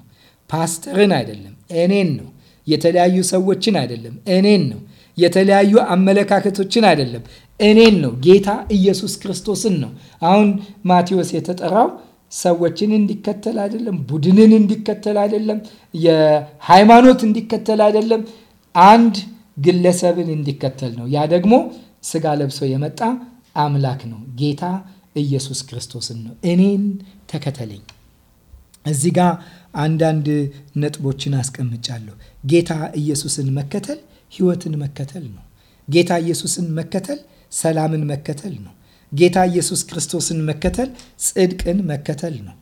ፓስተርን አይደለም፣ እኔን ነው። የተለያዩ ሰዎችን አይደለም፣ እኔን ነው። የተለያዩ አመለካከቶችን አይደለም። እኔን ነው ጌታ ኢየሱስ ክርስቶስን ነው። አሁን ማቴዎስ የተጠራው ሰዎችን እንዲከተል አይደለም፣ ቡድንን እንዲከተል አይደለም፣ የሃይማኖት እንዲከተል አይደለም፣ አንድ ግለሰብን እንዲከተል ነው። ያ ደግሞ ስጋ ለብሶ የመጣ አምላክ ነው። ጌታ ኢየሱስ ክርስቶስን ነው። እኔን ተከተለኝ። እዚህ ጋ አንዳንድ ነጥቦችን አስቀምጫለሁ። ጌታ ኢየሱስን መከተል ህይወትን መከተል ነው። ጌታ ኢየሱስን መከተል ሰላምን መከተል ነው። ጌታ ኢየሱስ ክርስቶስን መከተል ጽድቅን መከተል ነው።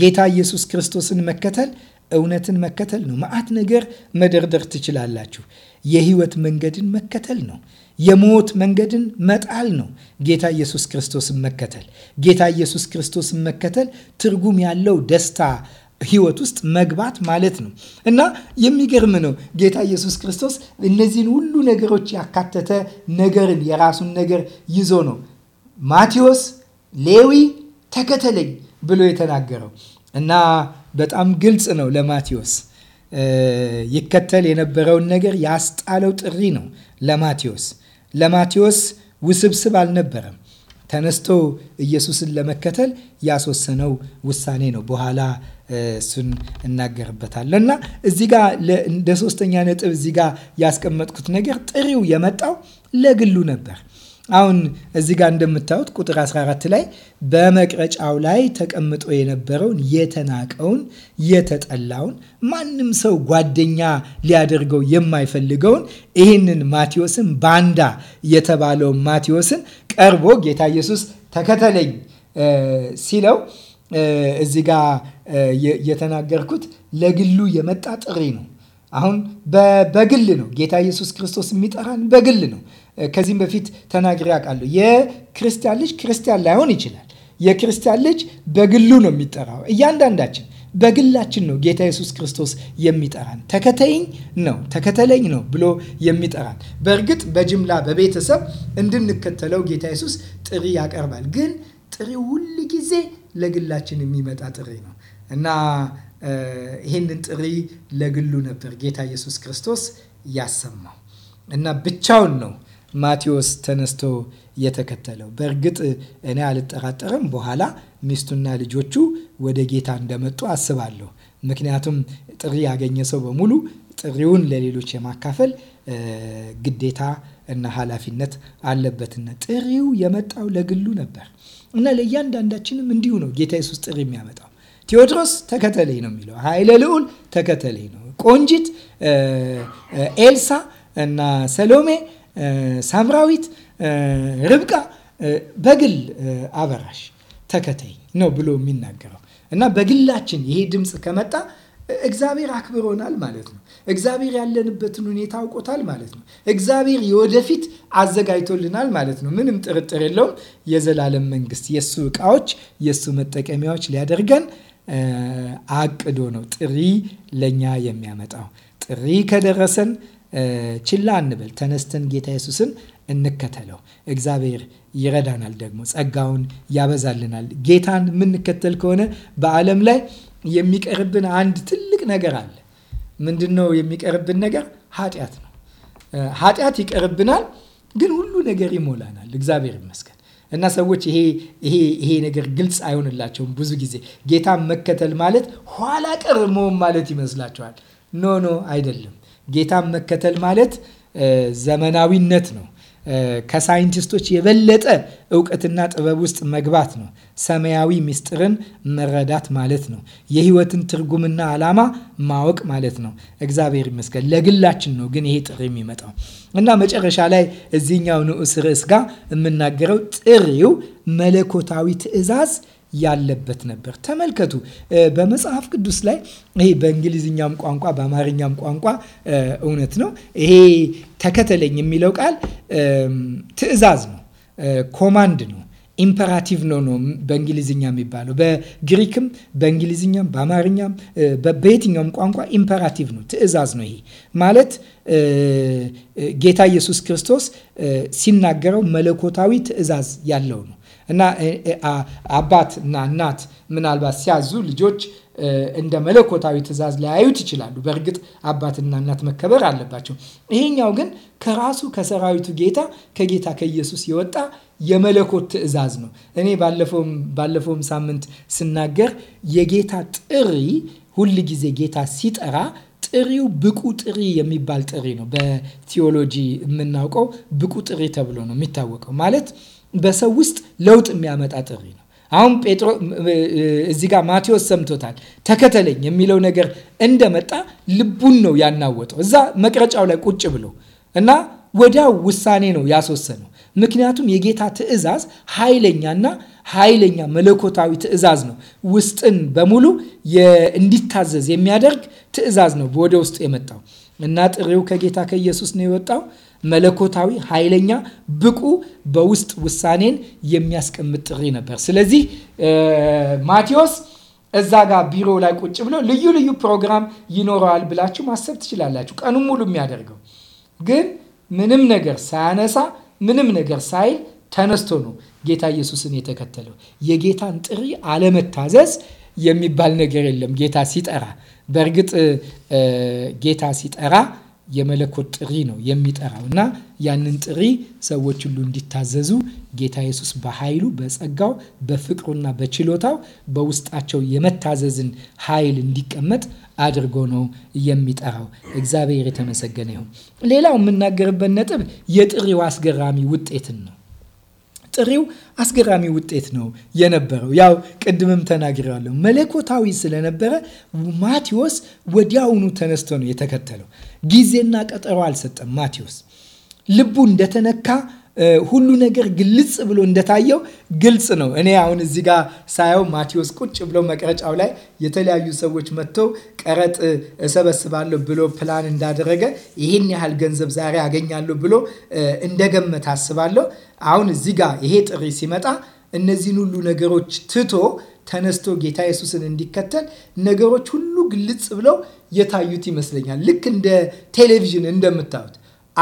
ጌታ ኢየሱስ ክርስቶስን መከተል እውነትን መከተል ነው። መዓት ነገር መደርደር ትችላላችሁ። የህይወት መንገድን መከተል ነው። የሞት መንገድን መጣል ነው። ጌታ ኢየሱስ ክርስቶስን መከተል ጌታ ኢየሱስ ክርስቶስን መከተል ትርጉም ያለው ደስታ ህይወት ውስጥ መግባት ማለት ነው እና የሚገርም ነው። ጌታ ኢየሱስ ክርስቶስ እነዚህን ሁሉ ነገሮች ያካተተ ነገርን የራሱን ነገር ይዞ ነው ማቴዎስ፣ ሌዊ ተከተለኝ ብሎ የተናገረው እና በጣም ግልጽ ነው ለማቴዎስ ይከተል የነበረውን ነገር ያስጣለው ጥሪ ነው ለማቴዎስ ለማቴዎስ ውስብስብ አልነበረም። ተነስቶ ኢየሱስን ለመከተል ያስወሰነው ውሳኔ ነው። በኋላ እሱን እናገርበታለሁ እና እዚህ ጋ እንደ ሶስተኛ ነጥብ እዚህ ጋ ያስቀመጥኩት ነገር ጥሪው የመጣው ለግሉ ነበር። አሁን እዚህ ጋር እንደምታዩት ቁጥር 14 ላይ በመቅረጫው ላይ ተቀምጦ የነበረውን የተናቀውን የተጠላውን ማንም ሰው ጓደኛ ሊያደርገው የማይፈልገውን ይህንን ማቴዎስን ባንዳ የተባለውን ማቴዎስን ቀርቦ ጌታ ኢየሱስ ተከተለኝ ሲለው እዚህ ጋር የተናገርኩት ለግሉ የመጣ ጥሪ ነው። አሁን በግል ነው ጌታ ኢየሱስ ክርስቶስ የሚጠራን በግል ነው ከዚህም በፊት ተናግሬ ያውቃለሁ። የክርስቲያን ልጅ ክርስቲያን ላይሆን ይችላል። የክርስቲያን ልጅ በግሉ ነው የሚጠራው። እያንዳንዳችን በግላችን ነው ጌታ ኢየሱስ ክርስቶስ የሚጠራን። ተከተይኝ ነው ተከተለኝ ነው ብሎ የሚጠራን። በእርግጥ በጅምላ በቤተሰብ እንድንከተለው ጌታ ኢየሱስ ጥሪ ያቀርባል። ግን ጥሪው ሁል ጊዜ ለግላችን የሚመጣ ጥሪ ነው እና ይህንን ጥሪ ለግሉ ነበር ጌታ ኢየሱስ ክርስቶስ ያሰማው እና ብቻውን ነው ማቴዎስ ተነስቶ የተከተለው። በእርግጥ እኔ አልጠራጠርም በኋላ ሚስቱና ልጆቹ ወደ ጌታ እንደመጡ አስባለሁ። ምክንያቱም ጥሪ ያገኘ ሰው በሙሉ ጥሪውን ለሌሎች የማካፈል ግዴታ እና ኃላፊነት አለበትና ጥሪው የመጣው ለግሉ ነበር እና ለእያንዳንዳችንም እንዲሁ ነው ጌታ ኢየሱስ ጥሪ የሚያመጣው። ቴዎድሮስ ተከተለኝ ነው የሚለው። ኃይለ ልዑል ተከተለኝ ነው። ቆንጂት፣ ኤልሳ እና ሰሎሜ ሳምራዊት ርብቃ በግል አበራሽ ተከተይ ነው ብሎ የሚናገረው እና በግላችን ይሄ ድምፅ ከመጣ እግዚአብሔር አክብሮናል ማለት ነው። እግዚአብሔር ያለንበትን ሁኔታ አውቆታል ማለት ነው። እግዚአብሔር የወደፊት አዘጋጅቶልናል ማለት ነው። ምንም ጥርጥር የለውም። የዘላለም መንግስት የእሱ እቃዎች፣ የእሱ መጠቀሚያዎች ሊያደርገን አቅዶ ነው ጥሪ ለእኛ የሚያመጣው። ጥሪ ከደረሰን ችላ አንበል። ተነስተን ጌታ ኢየሱስን እንከተለው። እግዚአብሔር ይረዳናል፣ ደግሞ ጸጋውን ያበዛልናል። ጌታን የምንከተል ከሆነ በዓለም ላይ የሚቀርብን አንድ ትልቅ ነገር አለ። ምንድን ነው የሚቀርብን ነገር? ኃጢአት ነው። ኃጢአት ይቀርብናል፣ ግን ሁሉ ነገር ይሞላናል። እግዚአብሔር ይመስገን። እና ሰዎች ይሄ ይሄ ይሄ ነገር ግልጽ አይሆንላቸውም። ብዙ ጊዜ ጌታን መከተል ማለት ኋላ ቀር መሆን ማለት ይመስላቸዋል። ኖ ኖ አይደለም። ጌታን መከተል ማለት ዘመናዊነት ነው። ከሳይንቲስቶች የበለጠ እውቀትና ጥበብ ውስጥ መግባት ነው። ሰማያዊ ምስጢርን መረዳት ማለት ነው። የህይወትን ትርጉምና ዓላማ ማወቅ ማለት ነው። እግዚአብሔር ይመስገን ለግላችን ነው ግን ይሄ ጥሪ የሚመጣው እና መጨረሻ ላይ እዚህኛው ንዑስ ርዕስ ጋር የምናገረው ጥሪው መለኮታዊ ትእዛዝ ያለበት ነበር። ተመልከቱ በመጽሐፍ ቅዱስ ላይ ይሄ በእንግሊዝኛም ቋንቋ በአማርኛም ቋንቋ እውነት ነው። ይሄ ተከተለኝ የሚለው ቃል ትዕዛዝ ነው፣ ኮማንድ ነው ኢምፐራቲቭ ነው ነው በእንግሊዝኛ የሚባለው። በግሪክም በእንግሊዝኛም በአማርኛም በየትኛውም ቋንቋ ኢምፐራቲቭ ነው፣ ትዕዛዝ ነው። ይሄ ማለት ጌታ ኢየሱስ ክርስቶስ ሲናገረው መለኮታዊ ትዕዛዝ ያለው ነው። እና አባት እና እናት ምናልባት ሲያዙ ልጆች እንደ መለኮታዊ ትእዛዝ ሊያዩት ይችላሉ። በእርግጥ አባትና እናት መከበር አለባቸው። ይሄኛው ግን ከራሱ ከሰራዊቱ ጌታ ከጌታ ከኢየሱስ የወጣ የመለኮት ትእዛዝ ነው። እኔ ባለፈውም ሳምንት ስናገር የጌታ ጥሪ ሁል ጊዜ ጌታ ሲጠራ ጥሪው ብቁ ጥሪ የሚባል ጥሪ ነው። በቲዎሎጂ የምናውቀው ብቁ ጥሪ ተብሎ ነው የሚታወቀው ማለት በሰው ውስጥ ለውጥ የሚያመጣ ጥሪ ነው። አሁን ጴጥሮ እዚህ ጋር ማቴዎስ ሰምቶታል። ተከተለኝ የሚለው ነገር እንደመጣ ልቡን ነው ያናወጠው። እዛ መቅረጫው ላይ ቁጭ ብሎ እና ወዲያው ውሳኔ ነው ያስወሰነው። ምክንያቱም የጌታ ትእዛዝ ኃይለኛና ኃይለኛ መለኮታዊ ትእዛዝ ነው። ውስጥን በሙሉ እንዲታዘዝ የሚያደርግ ትእዛዝ ነው ወደ ውስጥ የመጣው እና ጥሪው ከጌታ ከኢየሱስ ነው የወጣው። መለኮታዊ፣ ኃይለኛ፣ ብቁ በውስጥ ውሳኔን የሚያስቀምጥ ጥሪ ነበር። ስለዚህ ማቴዎስ እዛ ጋር ቢሮ ላይ ቁጭ ብሎ ልዩ ልዩ ፕሮግራም ይኖረዋል ብላችሁ ማሰብ ትችላላችሁ። ቀኑን ሙሉ የሚያደርገው ግን ምንም ነገር ሳያነሳ ምንም ነገር ሳይል ተነስቶ ነው ጌታ ኢየሱስን የተከተለው። የጌታን ጥሪ አለመታዘዝ የሚባል ነገር የለም። ጌታ ሲጠራ በእርግጥ ጌታ ሲጠራ የመለኮት ጥሪ ነው የሚጠራው እና ያንን ጥሪ ሰዎች ሁሉ እንዲታዘዙ ጌታ ኢየሱስ በኃይሉ በጸጋው በፍቅሩና በችሎታው በውስጣቸው የመታዘዝን ኃይል እንዲቀመጥ አድርጎ ነው የሚጠራው። እግዚአብሔር የተመሰገነ ይሁን። ሌላው የምናገርበት ነጥብ የጥሪው አስገራሚ ውጤትን ነው። ጥሪው አስገራሚ ውጤት ነው የነበረው። ያው ቅድምም ተናግሬዋለሁ። መለኮታዊ ስለነበረ ማቴዎስ ወዲያውኑ ተነስቶ ነው የተከተለው። ጊዜና ቀጠሮ አልሰጠም። ማቴዎስ ልቡ እንደተነካ ሁሉ ነገር ግልጽ ብሎ እንደታየው ግልጽ ነው። እኔ አሁን እዚህ ጋር ሳየው ማቴዎስ ቁጭ ብሎ መቅረጫው ላይ የተለያዩ ሰዎች መጥተው ቀረጥ እሰበስባለሁ ብሎ ፕላን እንዳደረገ ይህን ያህል ገንዘብ ዛሬ አገኛለሁ ብሎ እንደገመት አስባለሁ። አሁን እዚህ ጋር ይሄ ጥሪ ሲመጣ እነዚህን ሁሉ ነገሮች ትቶ ተነስቶ ጌታ ኢየሱስን እንዲከተል ነገሮች ሁሉ ግልጽ ብለው የታዩት ይመስለኛል። ልክ እንደ ቴሌቪዥን እንደምታዩት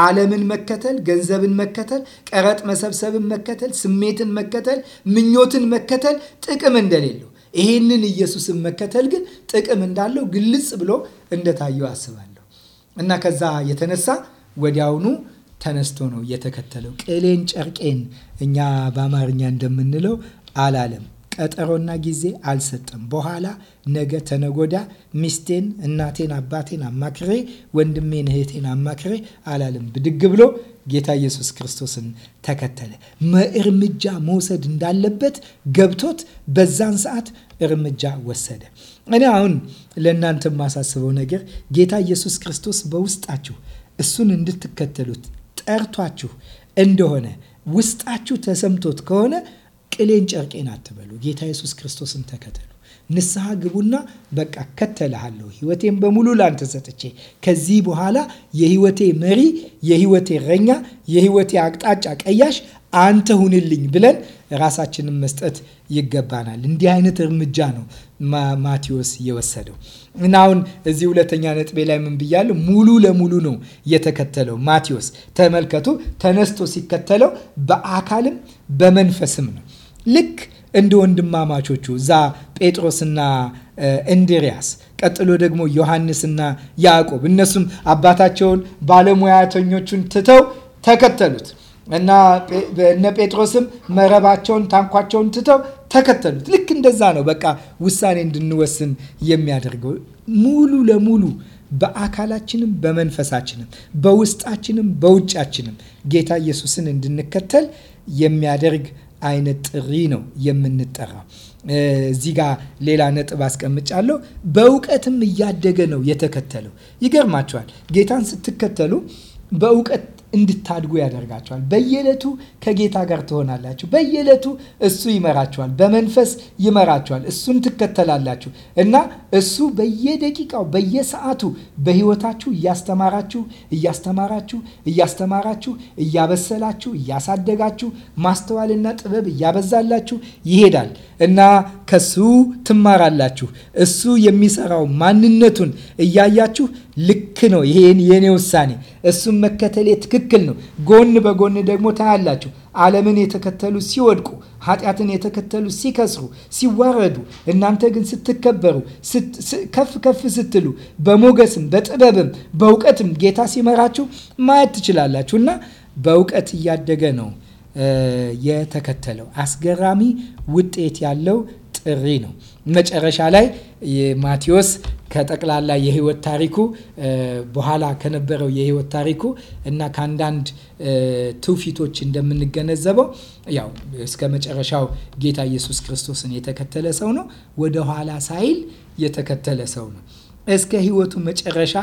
ዓለምን መከተል፣ ገንዘብን መከተል፣ ቀረጥ መሰብሰብን መከተል፣ ስሜትን መከተል፣ ምኞትን መከተል ጥቅም እንደሌለው ይሄንን ኢየሱስን መከተል ግን ጥቅም እንዳለው ግልጽ ብሎ እንደታየው አስባለሁ እና ከዛ የተነሳ ወዲያውኑ ተነስቶ ነው የተከተለው። ቅሌን ጨርቄን እኛ በአማርኛ እንደምንለው አላለም። ቀጠሮና ጊዜ አልሰጠም። በኋላ ነገ ተነጎዳ ሚስቴን፣ እናቴን፣ አባቴን አማክሬ ወንድሜን፣ እህቴን አማክሬ አላለም። ብድግ ብሎ ጌታ ኢየሱስ ክርስቶስን ተከተለ። እርምጃ መውሰድ እንዳለበት ገብቶት በዛን ሰዓት እርምጃ ወሰደ። እኔ አሁን ለእናንተ የማሳስበው ነገር ጌታ ኢየሱስ ክርስቶስ በውስጣችሁ እሱን እንድትከተሉት ጠርቷችሁ እንደሆነ ውስጣችሁ ተሰምቶት ከሆነ ቅሌን ጨርቄን አትበሉ። ጌታ ኢየሱስ ክርስቶስን ተከተሉ። ንስሐ ግቡና በቃ ከተልሃለሁ፣ ህይወቴን በሙሉ ላንተ ሰጥቼ ከዚህ በኋላ የህይወቴ መሪ፣ የህይወቴ እረኛ፣ የህይወቴ አቅጣጫ ቀያሽ አንተ ሁንልኝ ብለን ራሳችንን መስጠት ይገባናል። እንዲህ አይነት እርምጃ ነው ማቴዎስ የወሰደው እና አሁን እዚህ ሁለተኛ ነጥቤ ላይ ምን ብያለሁ? ሙሉ ለሙሉ ነው የተከተለው ማቴዎስ። ተመልከቱ፣ ተነስቶ ሲከተለው በአካልም በመንፈስም ነው ልክ እንደ ወንድማማቾቹ እዛ ጴጥሮስና እንድሪያስ ቀጥሎ ደግሞ ዮሐንስና ያዕቆብ እነሱም አባታቸውን ባለሙያተኞቹን ትተው ተከተሉት እና እነ ጴጥሮስም መረባቸውን ታንኳቸውን ትተው ተከተሉት። ልክ እንደዛ ነው በቃ ውሳኔ እንድንወስን የሚያደርገው ሙሉ ለሙሉ በአካላችንም በመንፈሳችንም በውስጣችንም በውጫችንም ጌታ ኢየሱስን እንድንከተል የሚያደርግ አይነት ጥሪ ነው የምንጠራው። እዚህ ጋር ሌላ ነጥብ አስቀምጫለሁ። በእውቀትም እያደገ ነው የተከተለው። ይገርማቸዋል። ጌታን ስትከተሉ በእውቀት እንድታድጉ ያደርጋቸዋል። በየዕለቱ ከጌታ ጋር ትሆናላችሁ። በየዕለቱ እሱ ይመራችኋል፣ በመንፈስ ይመራችኋል። እሱን ትከተላላችሁ እና እሱ በየደቂቃው በየሰዓቱ በሕይወታችሁ እያስተማራችሁ እያስተማራችሁ እያስተማራችሁ እያበሰላችሁ እያሳደጋችሁ ማስተዋልና ጥበብ እያበዛላችሁ ይሄዳል። እና ከሱ ትማራላችሁ። እሱ የሚሰራው ማንነቱን እያያችሁ ልክ ነው፣ ይሄን የኔ ውሳኔ፣ እሱን መከተሌ ትክክል ነው። ጎን በጎን ደግሞ ታያላችሁ ዓለምን የተከተሉ ሲወድቁ፣ ኃጢአትን የተከተሉ ሲከስሩ፣ ሲዋረዱ፣ እናንተ ግን ስትከበሩ፣ ከፍ ከፍ ስትሉ፣ በሞገስም በጥበብም በእውቀትም ጌታ ሲመራችሁ ማየት ትችላላችሁ እና በእውቀት እያደገ ነው የተከተለው አስገራሚ ውጤት ያለው ጥሪ ነው። መጨረሻ ላይ ማቴዎስ ከጠቅላላ የህይወት ታሪኩ በኋላ ከነበረው የህይወት ታሪኩ እና ከአንዳንድ ትውፊቶች እንደምንገነዘበው ያው እስከ መጨረሻው ጌታ ኢየሱስ ክርስቶስን የተከተለ ሰው ነው። ወደ ኋላ ሳይል የተከተለ ሰው ነው። እስከ ህይወቱ መጨረሻ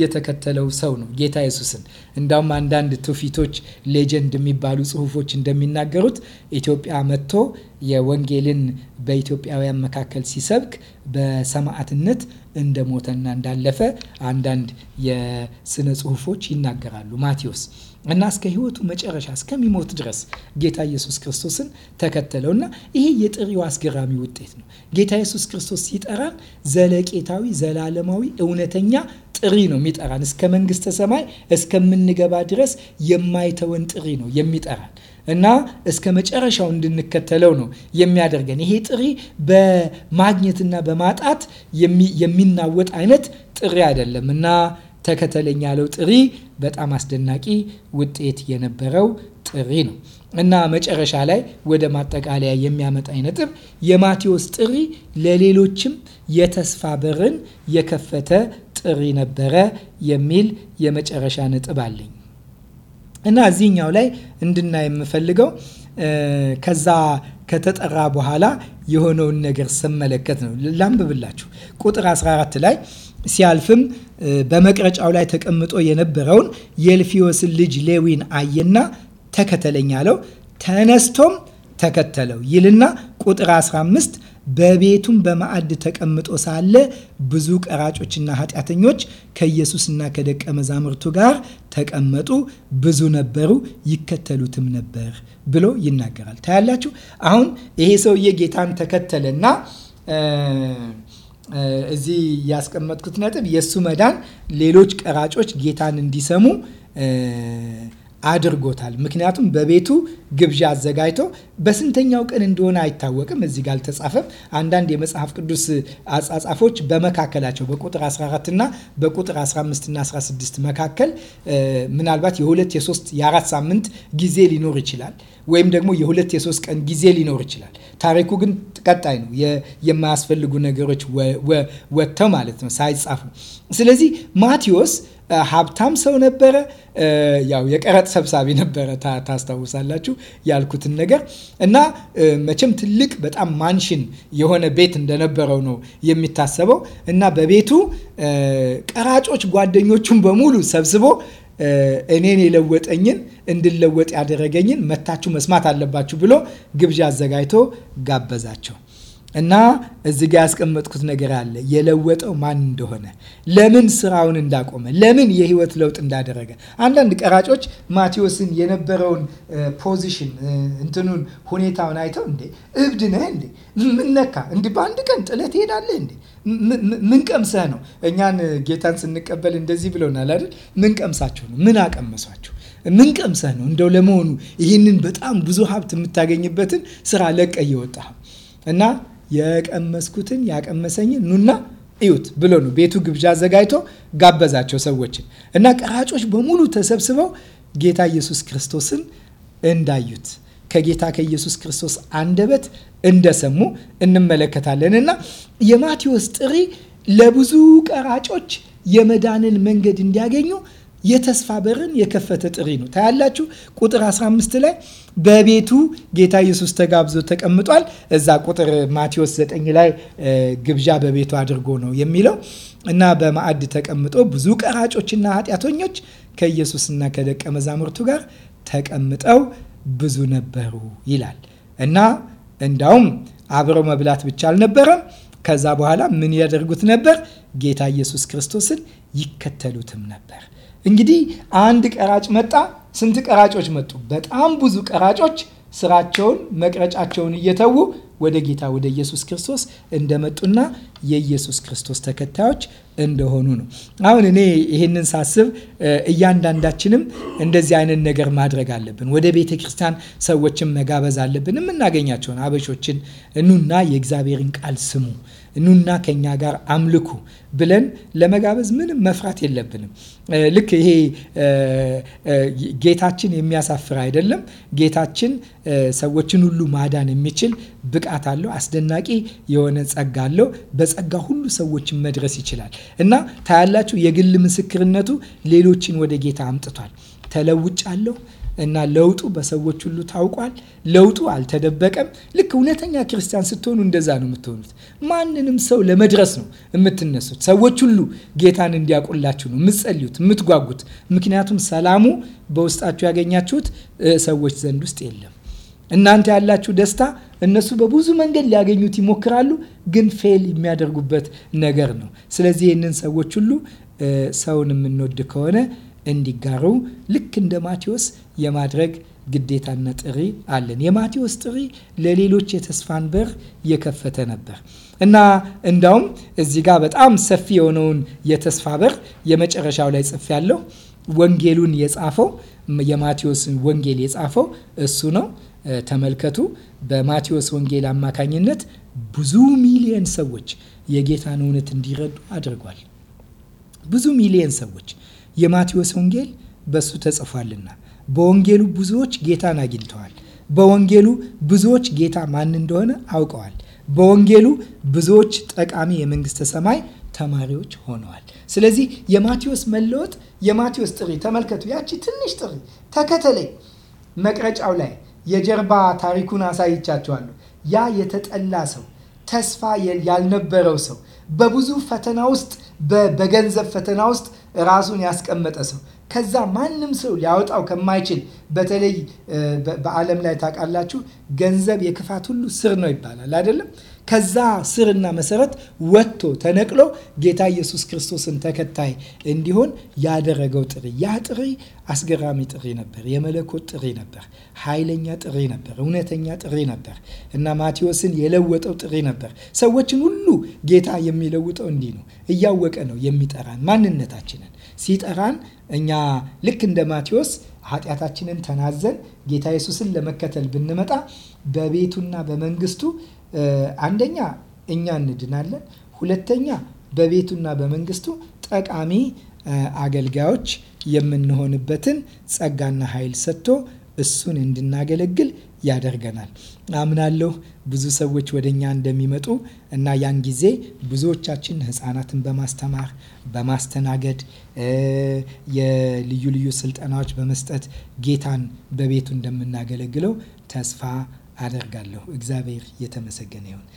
የተከተለው ሰው ነው ጌታ የሱስን። እንዳውም አንዳንድ ትውፊቶች ሌጀንድ የሚባሉ ጽሁፎች እንደሚናገሩት ኢትዮጵያ መጥቶ የወንጌልን በኢትዮጵያውያን መካከል ሲሰብክ በሰማዕትነት እንደሞተና እንዳለፈ አንዳንድ የስነ ጽሁፎች ይናገራሉ ማቴዎስ እና እስከ ህይወቱ መጨረሻ እስከሚሞት ድረስ ጌታ ኢየሱስ ክርስቶስን እና ይሄ የጥሪው አስገራሚ ውጤት ነው። ጌታ ኢየሱስ ክርስቶስ ሲጠራን ዘለቄታዊ፣ ዘላለማዊ፣ እውነተኛ ጥሪ ነው የሚጠራን። እስከ መንግስተ ሰማይ እስከምንገባ ድረስ የማይተወን ጥሪ ነው የሚጠራን እና እስከ መጨረሻው እንድንከተለው ነው የሚያደርገን። ይሄ ጥሪ በማግኘትና በማጣት የሚናወጥ አይነት ጥሪ አይደለም እና ተከተለኝ ያለው ጥሪ በጣም አስደናቂ ውጤት የነበረው ጥሪ ነው እና መጨረሻ ላይ ወደ ማጠቃለያ የሚያመጣኝ ነጥብ የማቴዎስ ጥሪ ለሌሎችም የተስፋ በርን የከፈተ ጥሪ ነበረ የሚል የመጨረሻ ነጥብ አለኝ እና እዚህኛው ላይ እንድና የምፈልገው ከዛ ከተጠራ በኋላ የሆነውን ነገር ስመለከት ነው። ላንብብላችሁ ቁጥር 14 ላይ ሲያልፍም በመቅረጫው ላይ ተቀምጦ የነበረውን የእልፍዮስን ልጅ ሌዊን አየና ተከተለኝ አለው። ተነስቶም ተከተለው ይልና ቁጥር 15 በቤቱም በማዕድ ተቀምጦ ሳለ ብዙ ቀራጮችና ኃጢአተኞች ከኢየሱስና ከደቀ መዛሙርቱ ጋር ተቀመጡ፣ ብዙ ነበሩ፣ ይከተሉትም ነበር ብሎ ይናገራል። ታያላችሁ። አሁን ይሄ ሰውዬ ጌታን ተከተለና እዚህ ያስቀመጥኩት ነጥብ የእሱ መዳን ሌሎች ቀራጮች ጌታን እንዲሰሙ አድርጎታል። ምክንያቱም በቤቱ ግብዣ አዘጋጅቶ በስንተኛው ቀን እንደሆነ አይታወቅም፣ እዚህ ጋር አልተጻፈም። አንዳንድ የመጽሐፍ ቅዱስ አጻጻፎች በመካከላቸው በቁጥር 14 እና በቁጥር 15 እና 16 መካከል ምናልባት የሁለት የሶስት የአራት ሳምንት ጊዜ ሊኖር ይችላል ወይም ደግሞ የሁለት የሶስት ቀን ጊዜ ሊኖር ይችላል። ታሪኩ ግን ቀጣይ ነው። የማያስፈልጉ ነገሮች ወጥተው ማለት ነው ሳይጻፉ። ስለዚህ ማቴዎስ ሀብታም ሰው ነበረ። ያው የቀረጥ ሰብሳቢ ነበረ፣ ታስታውሳላችሁ ያልኩትን ነገር እና መቼም ትልቅ በጣም ማንሽን የሆነ ቤት እንደነበረው ነው የሚታሰበው እና በቤቱ ቀራጮች ጓደኞቹን በሙሉ ሰብስቦ እኔን የለወጠኝን እንድለወጥ ያደረገኝን መታችሁ መስማት አለባችሁ ብሎ ግብዣ አዘጋጅቶ ጋበዛቸው። እና እዚ ጋ ያስቀመጥኩት ነገር አለ። የለወጠው ማን እንደሆነ፣ ለምን ስራውን እንዳቆመ፣ ለምን የህይወት ለውጥ እንዳደረገ። አንዳንድ ቀራጮች ማቴዎስን የነበረውን ፖዚሽን እንትኑን ሁኔታውን አይተው እንዴ እብድ ነህ እንዴ? ምነካ እንዲ በአንድ ቀን ጥለት ትሄዳለህ እንዴ? ምን ቀምሰህ ነው? እኛን ጌታን ስንቀበል እንደዚህ ብለውናል አይደል? ምን ቀምሳችሁ ነው? ምን አቀመሷችሁ? ምን ቀምሰህ ነው እንደው ለመሆኑ ይህንን በጣም ብዙ ሀብት የምታገኝበትን ስራ ለቀ እየወጣ እና የቀመስኩትን ያቀመሰኝን ኑና እዩት ብሎ ነው ቤቱ ግብዣ አዘጋጅቶ ጋበዛቸው ሰዎችን እና ቀራጮች በሙሉ ተሰብስበው ጌታ ኢየሱስ ክርስቶስን እንዳዩት ከጌታ ከኢየሱስ ክርስቶስ አንደበት እንደሰሙ እንመለከታለን እና የማቴዎስ ጥሪ ለብዙ ቀራጮች የመዳንን መንገድ እንዲያገኙ የተስፋ በርን የከፈተ ጥሪ ነው። ታያላችሁ ቁጥር 15 ላይ በቤቱ ጌታ ኢየሱስ ተጋብዞ ተቀምጧል። እዛ ቁጥር ማቴዎስ 9 ላይ ግብዣ በቤቱ አድርጎ ነው የሚለው እና በማዕድ ተቀምጦ ብዙ ቀራጮችና ኃጢአተኞች ከኢየሱስና ከደቀ መዛሙርቱ ጋር ተቀምጠው ብዙ ነበሩ ይላል እና እንዳውም አብረው መብላት ብቻ አልነበረም። ከዛ በኋላ ምን ያደርጉት ነበር? ጌታ ኢየሱስ ክርስቶስን ይከተሉትም ነበር። እንግዲህ አንድ ቀራጭ መጣ። ስንት ቀራጮች መጡ? በጣም ብዙ ቀራጮች ስራቸውን መቅረጫቸውን እየተዉ ወደ ጌታ ወደ ኢየሱስ ክርስቶስ እንደመጡና የኢየሱስ ክርስቶስ ተከታዮች እንደሆኑ ነው። አሁን እኔ ይህንን ሳስብ እያንዳንዳችንም እንደዚህ አይነት ነገር ማድረግ አለብን። ወደ ቤተ ክርስቲያን ሰዎችን መጋበዝ አለብን። የምናገኛቸውን አበሾችን እኑና የእግዚአብሔርን ቃል ስሙ ኑና ከኛ ጋር አምልኩ ብለን ለመጋበዝ ምንም መፍራት የለብንም። ልክ ይሄ ጌታችን የሚያሳፍር አይደለም። ጌታችን ሰዎችን ሁሉ ማዳን የሚችል ብቃት አለው። አስደናቂ የሆነ ጸጋ አለው። በጸጋ ሁሉ ሰዎችን መድረስ ይችላል እና ታያላችሁ፣ የግል ምስክርነቱ ሌሎችን ወደ ጌታ አምጥቷል። ተለውጫለሁ እና ለውጡ በሰዎች ሁሉ ታውቋል። ለውጡ አልተደበቀም። ልክ እውነተኛ ክርስቲያን ስትሆኑ እንደዛ ነው የምትሆኑት። ማንንም ሰው ለመድረስ ነው የምትነሱት። ሰዎች ሁሉ ጌታን እንዲያውቁላችሁ ነው የምትጸልዩት፣ የምትጓጉት። ምክንያቱም ሰላሙ በውስጣችሁ ያገኛችሁት ሰዎች ዘንድ ውስጥ የለም። እናንተ ያላችሁ ደስታ እነሱ በብዙ መንገድ ሊያገኙት ይሞክራሉ፣ ግን ፌል የሚያደርጉበት ነገር ነው። ስለዚህ ይህንን ሰዎች ሁሉ ሰውን የምንወድ ከሆነ እንዲጋሩ ልክ እንደ ማቴዎስ የማድረግ ግዴታና ጥሪ አለን። የማቴዎስ ጥሪ ለሌሎች የተስፋን በር የከፈተ ነበር እና እንዳውም እዚህ ጋር በጣም ሰፊ የሆነውን የተስፋ በር የመጨረሻው ላይ ጽፍ ያለው ወንጌሉን የጻፈው የማቴዎስን ወንጌል የጻፈው እሱ ነው። ተመልከቱ። በማቴዎስ ወንጌል አማካኝነት ብዙ ሚሊየን ሰዎች የጌታን እውነት እንዲረዱ አድርጓል። ብዙ ሚሊየን ሰዎች የማቴዎስ ወንጌል በሱ ተጽፏልና በወንጌሉ ብዙዎች ጌታን አግኝተዋል። በወንጌሉ ብዙዎች ጌታ ማን እንደሆነ አውቀዋል። በወንጌሉ ብዙዎች ጠቃሚ የመንግስተ ሰማይ ተማሪዎች ሆነዋል። ስለዚህ የማቴዎስ መለወጥ፣ የማቴዎስ ጥሪ ተመልከቱ። ያቺ ትንሽ ጥሪ ተከተለኝ። መቅረጫው ላይ የጀርባ ታሪኩን አሳይቻቸዋለሁ። ያ የተጠላ ሰው፣ ተስፋ ያልነበረው ሰው በብዙ ፈተና ውስጥ በገንዘብ ፈተና ውስጥ ራሱን ያስቀመጠ ሰው ከዛ ማንም ሰው ሊያወጣው ከማይችል በተለይ በዓለም ላይ ታውቃላችሁ ገንዘብ የክፋት ሁሉ ስር ነው ይባላል አይደለም ከዛ ስርና መሰረት ወጥቶ ተነቅሎ ጌታ ኢየሱስ ክርስቶስን ተከታይ እንዲሆን ያደረገው ጥሪ ያ ጥሪ አስገራሚ ጥሪ ነበር። የመለኮት ጥሪ ነበር። ኃይለኛ ጥሪ ነበር። እውነተኛ ጥሪ ነበር እና ማቴዎስን የለወጠው ጥሪ ነበር። ሰዎችን ሁሉ ጌታ የሚለውጠው እንዲህ ነው። እያወቀ ነው የሚጠራን ማንነታችንን ሲጠራን እኛ ልክ እንደ ማቴዎስ ኃጢአታችንን ተናዘን ጌታ ኢየሱስን ለመከተል ብንመጣ በቤቱና በመንግስቱ አንደኛ እኛ እንድናለን፣ ሁለተኛ በቤቱና በመንግስቱ ጠቃሚ አገልጋዮች የምንሆንበትን ጸጋና ኃይል ሰጥቶ እሱን እንድናገለግል ያደርገናል። አምናለሁ ብዙ ሰዎች ወደ እኛ እንደሚመጡ እና ያን ጊዜ ብዙዎቻችን ህፃናትን በማስተማር በማስተናገድ የልዩ ልዩ ስልጠናዎች በመስጠት ጌታን በቤቱ እንደምናገለግለው ተስፋ አደርጋለሁ። እግዚአብሔር የተመሰገነ ይሁን።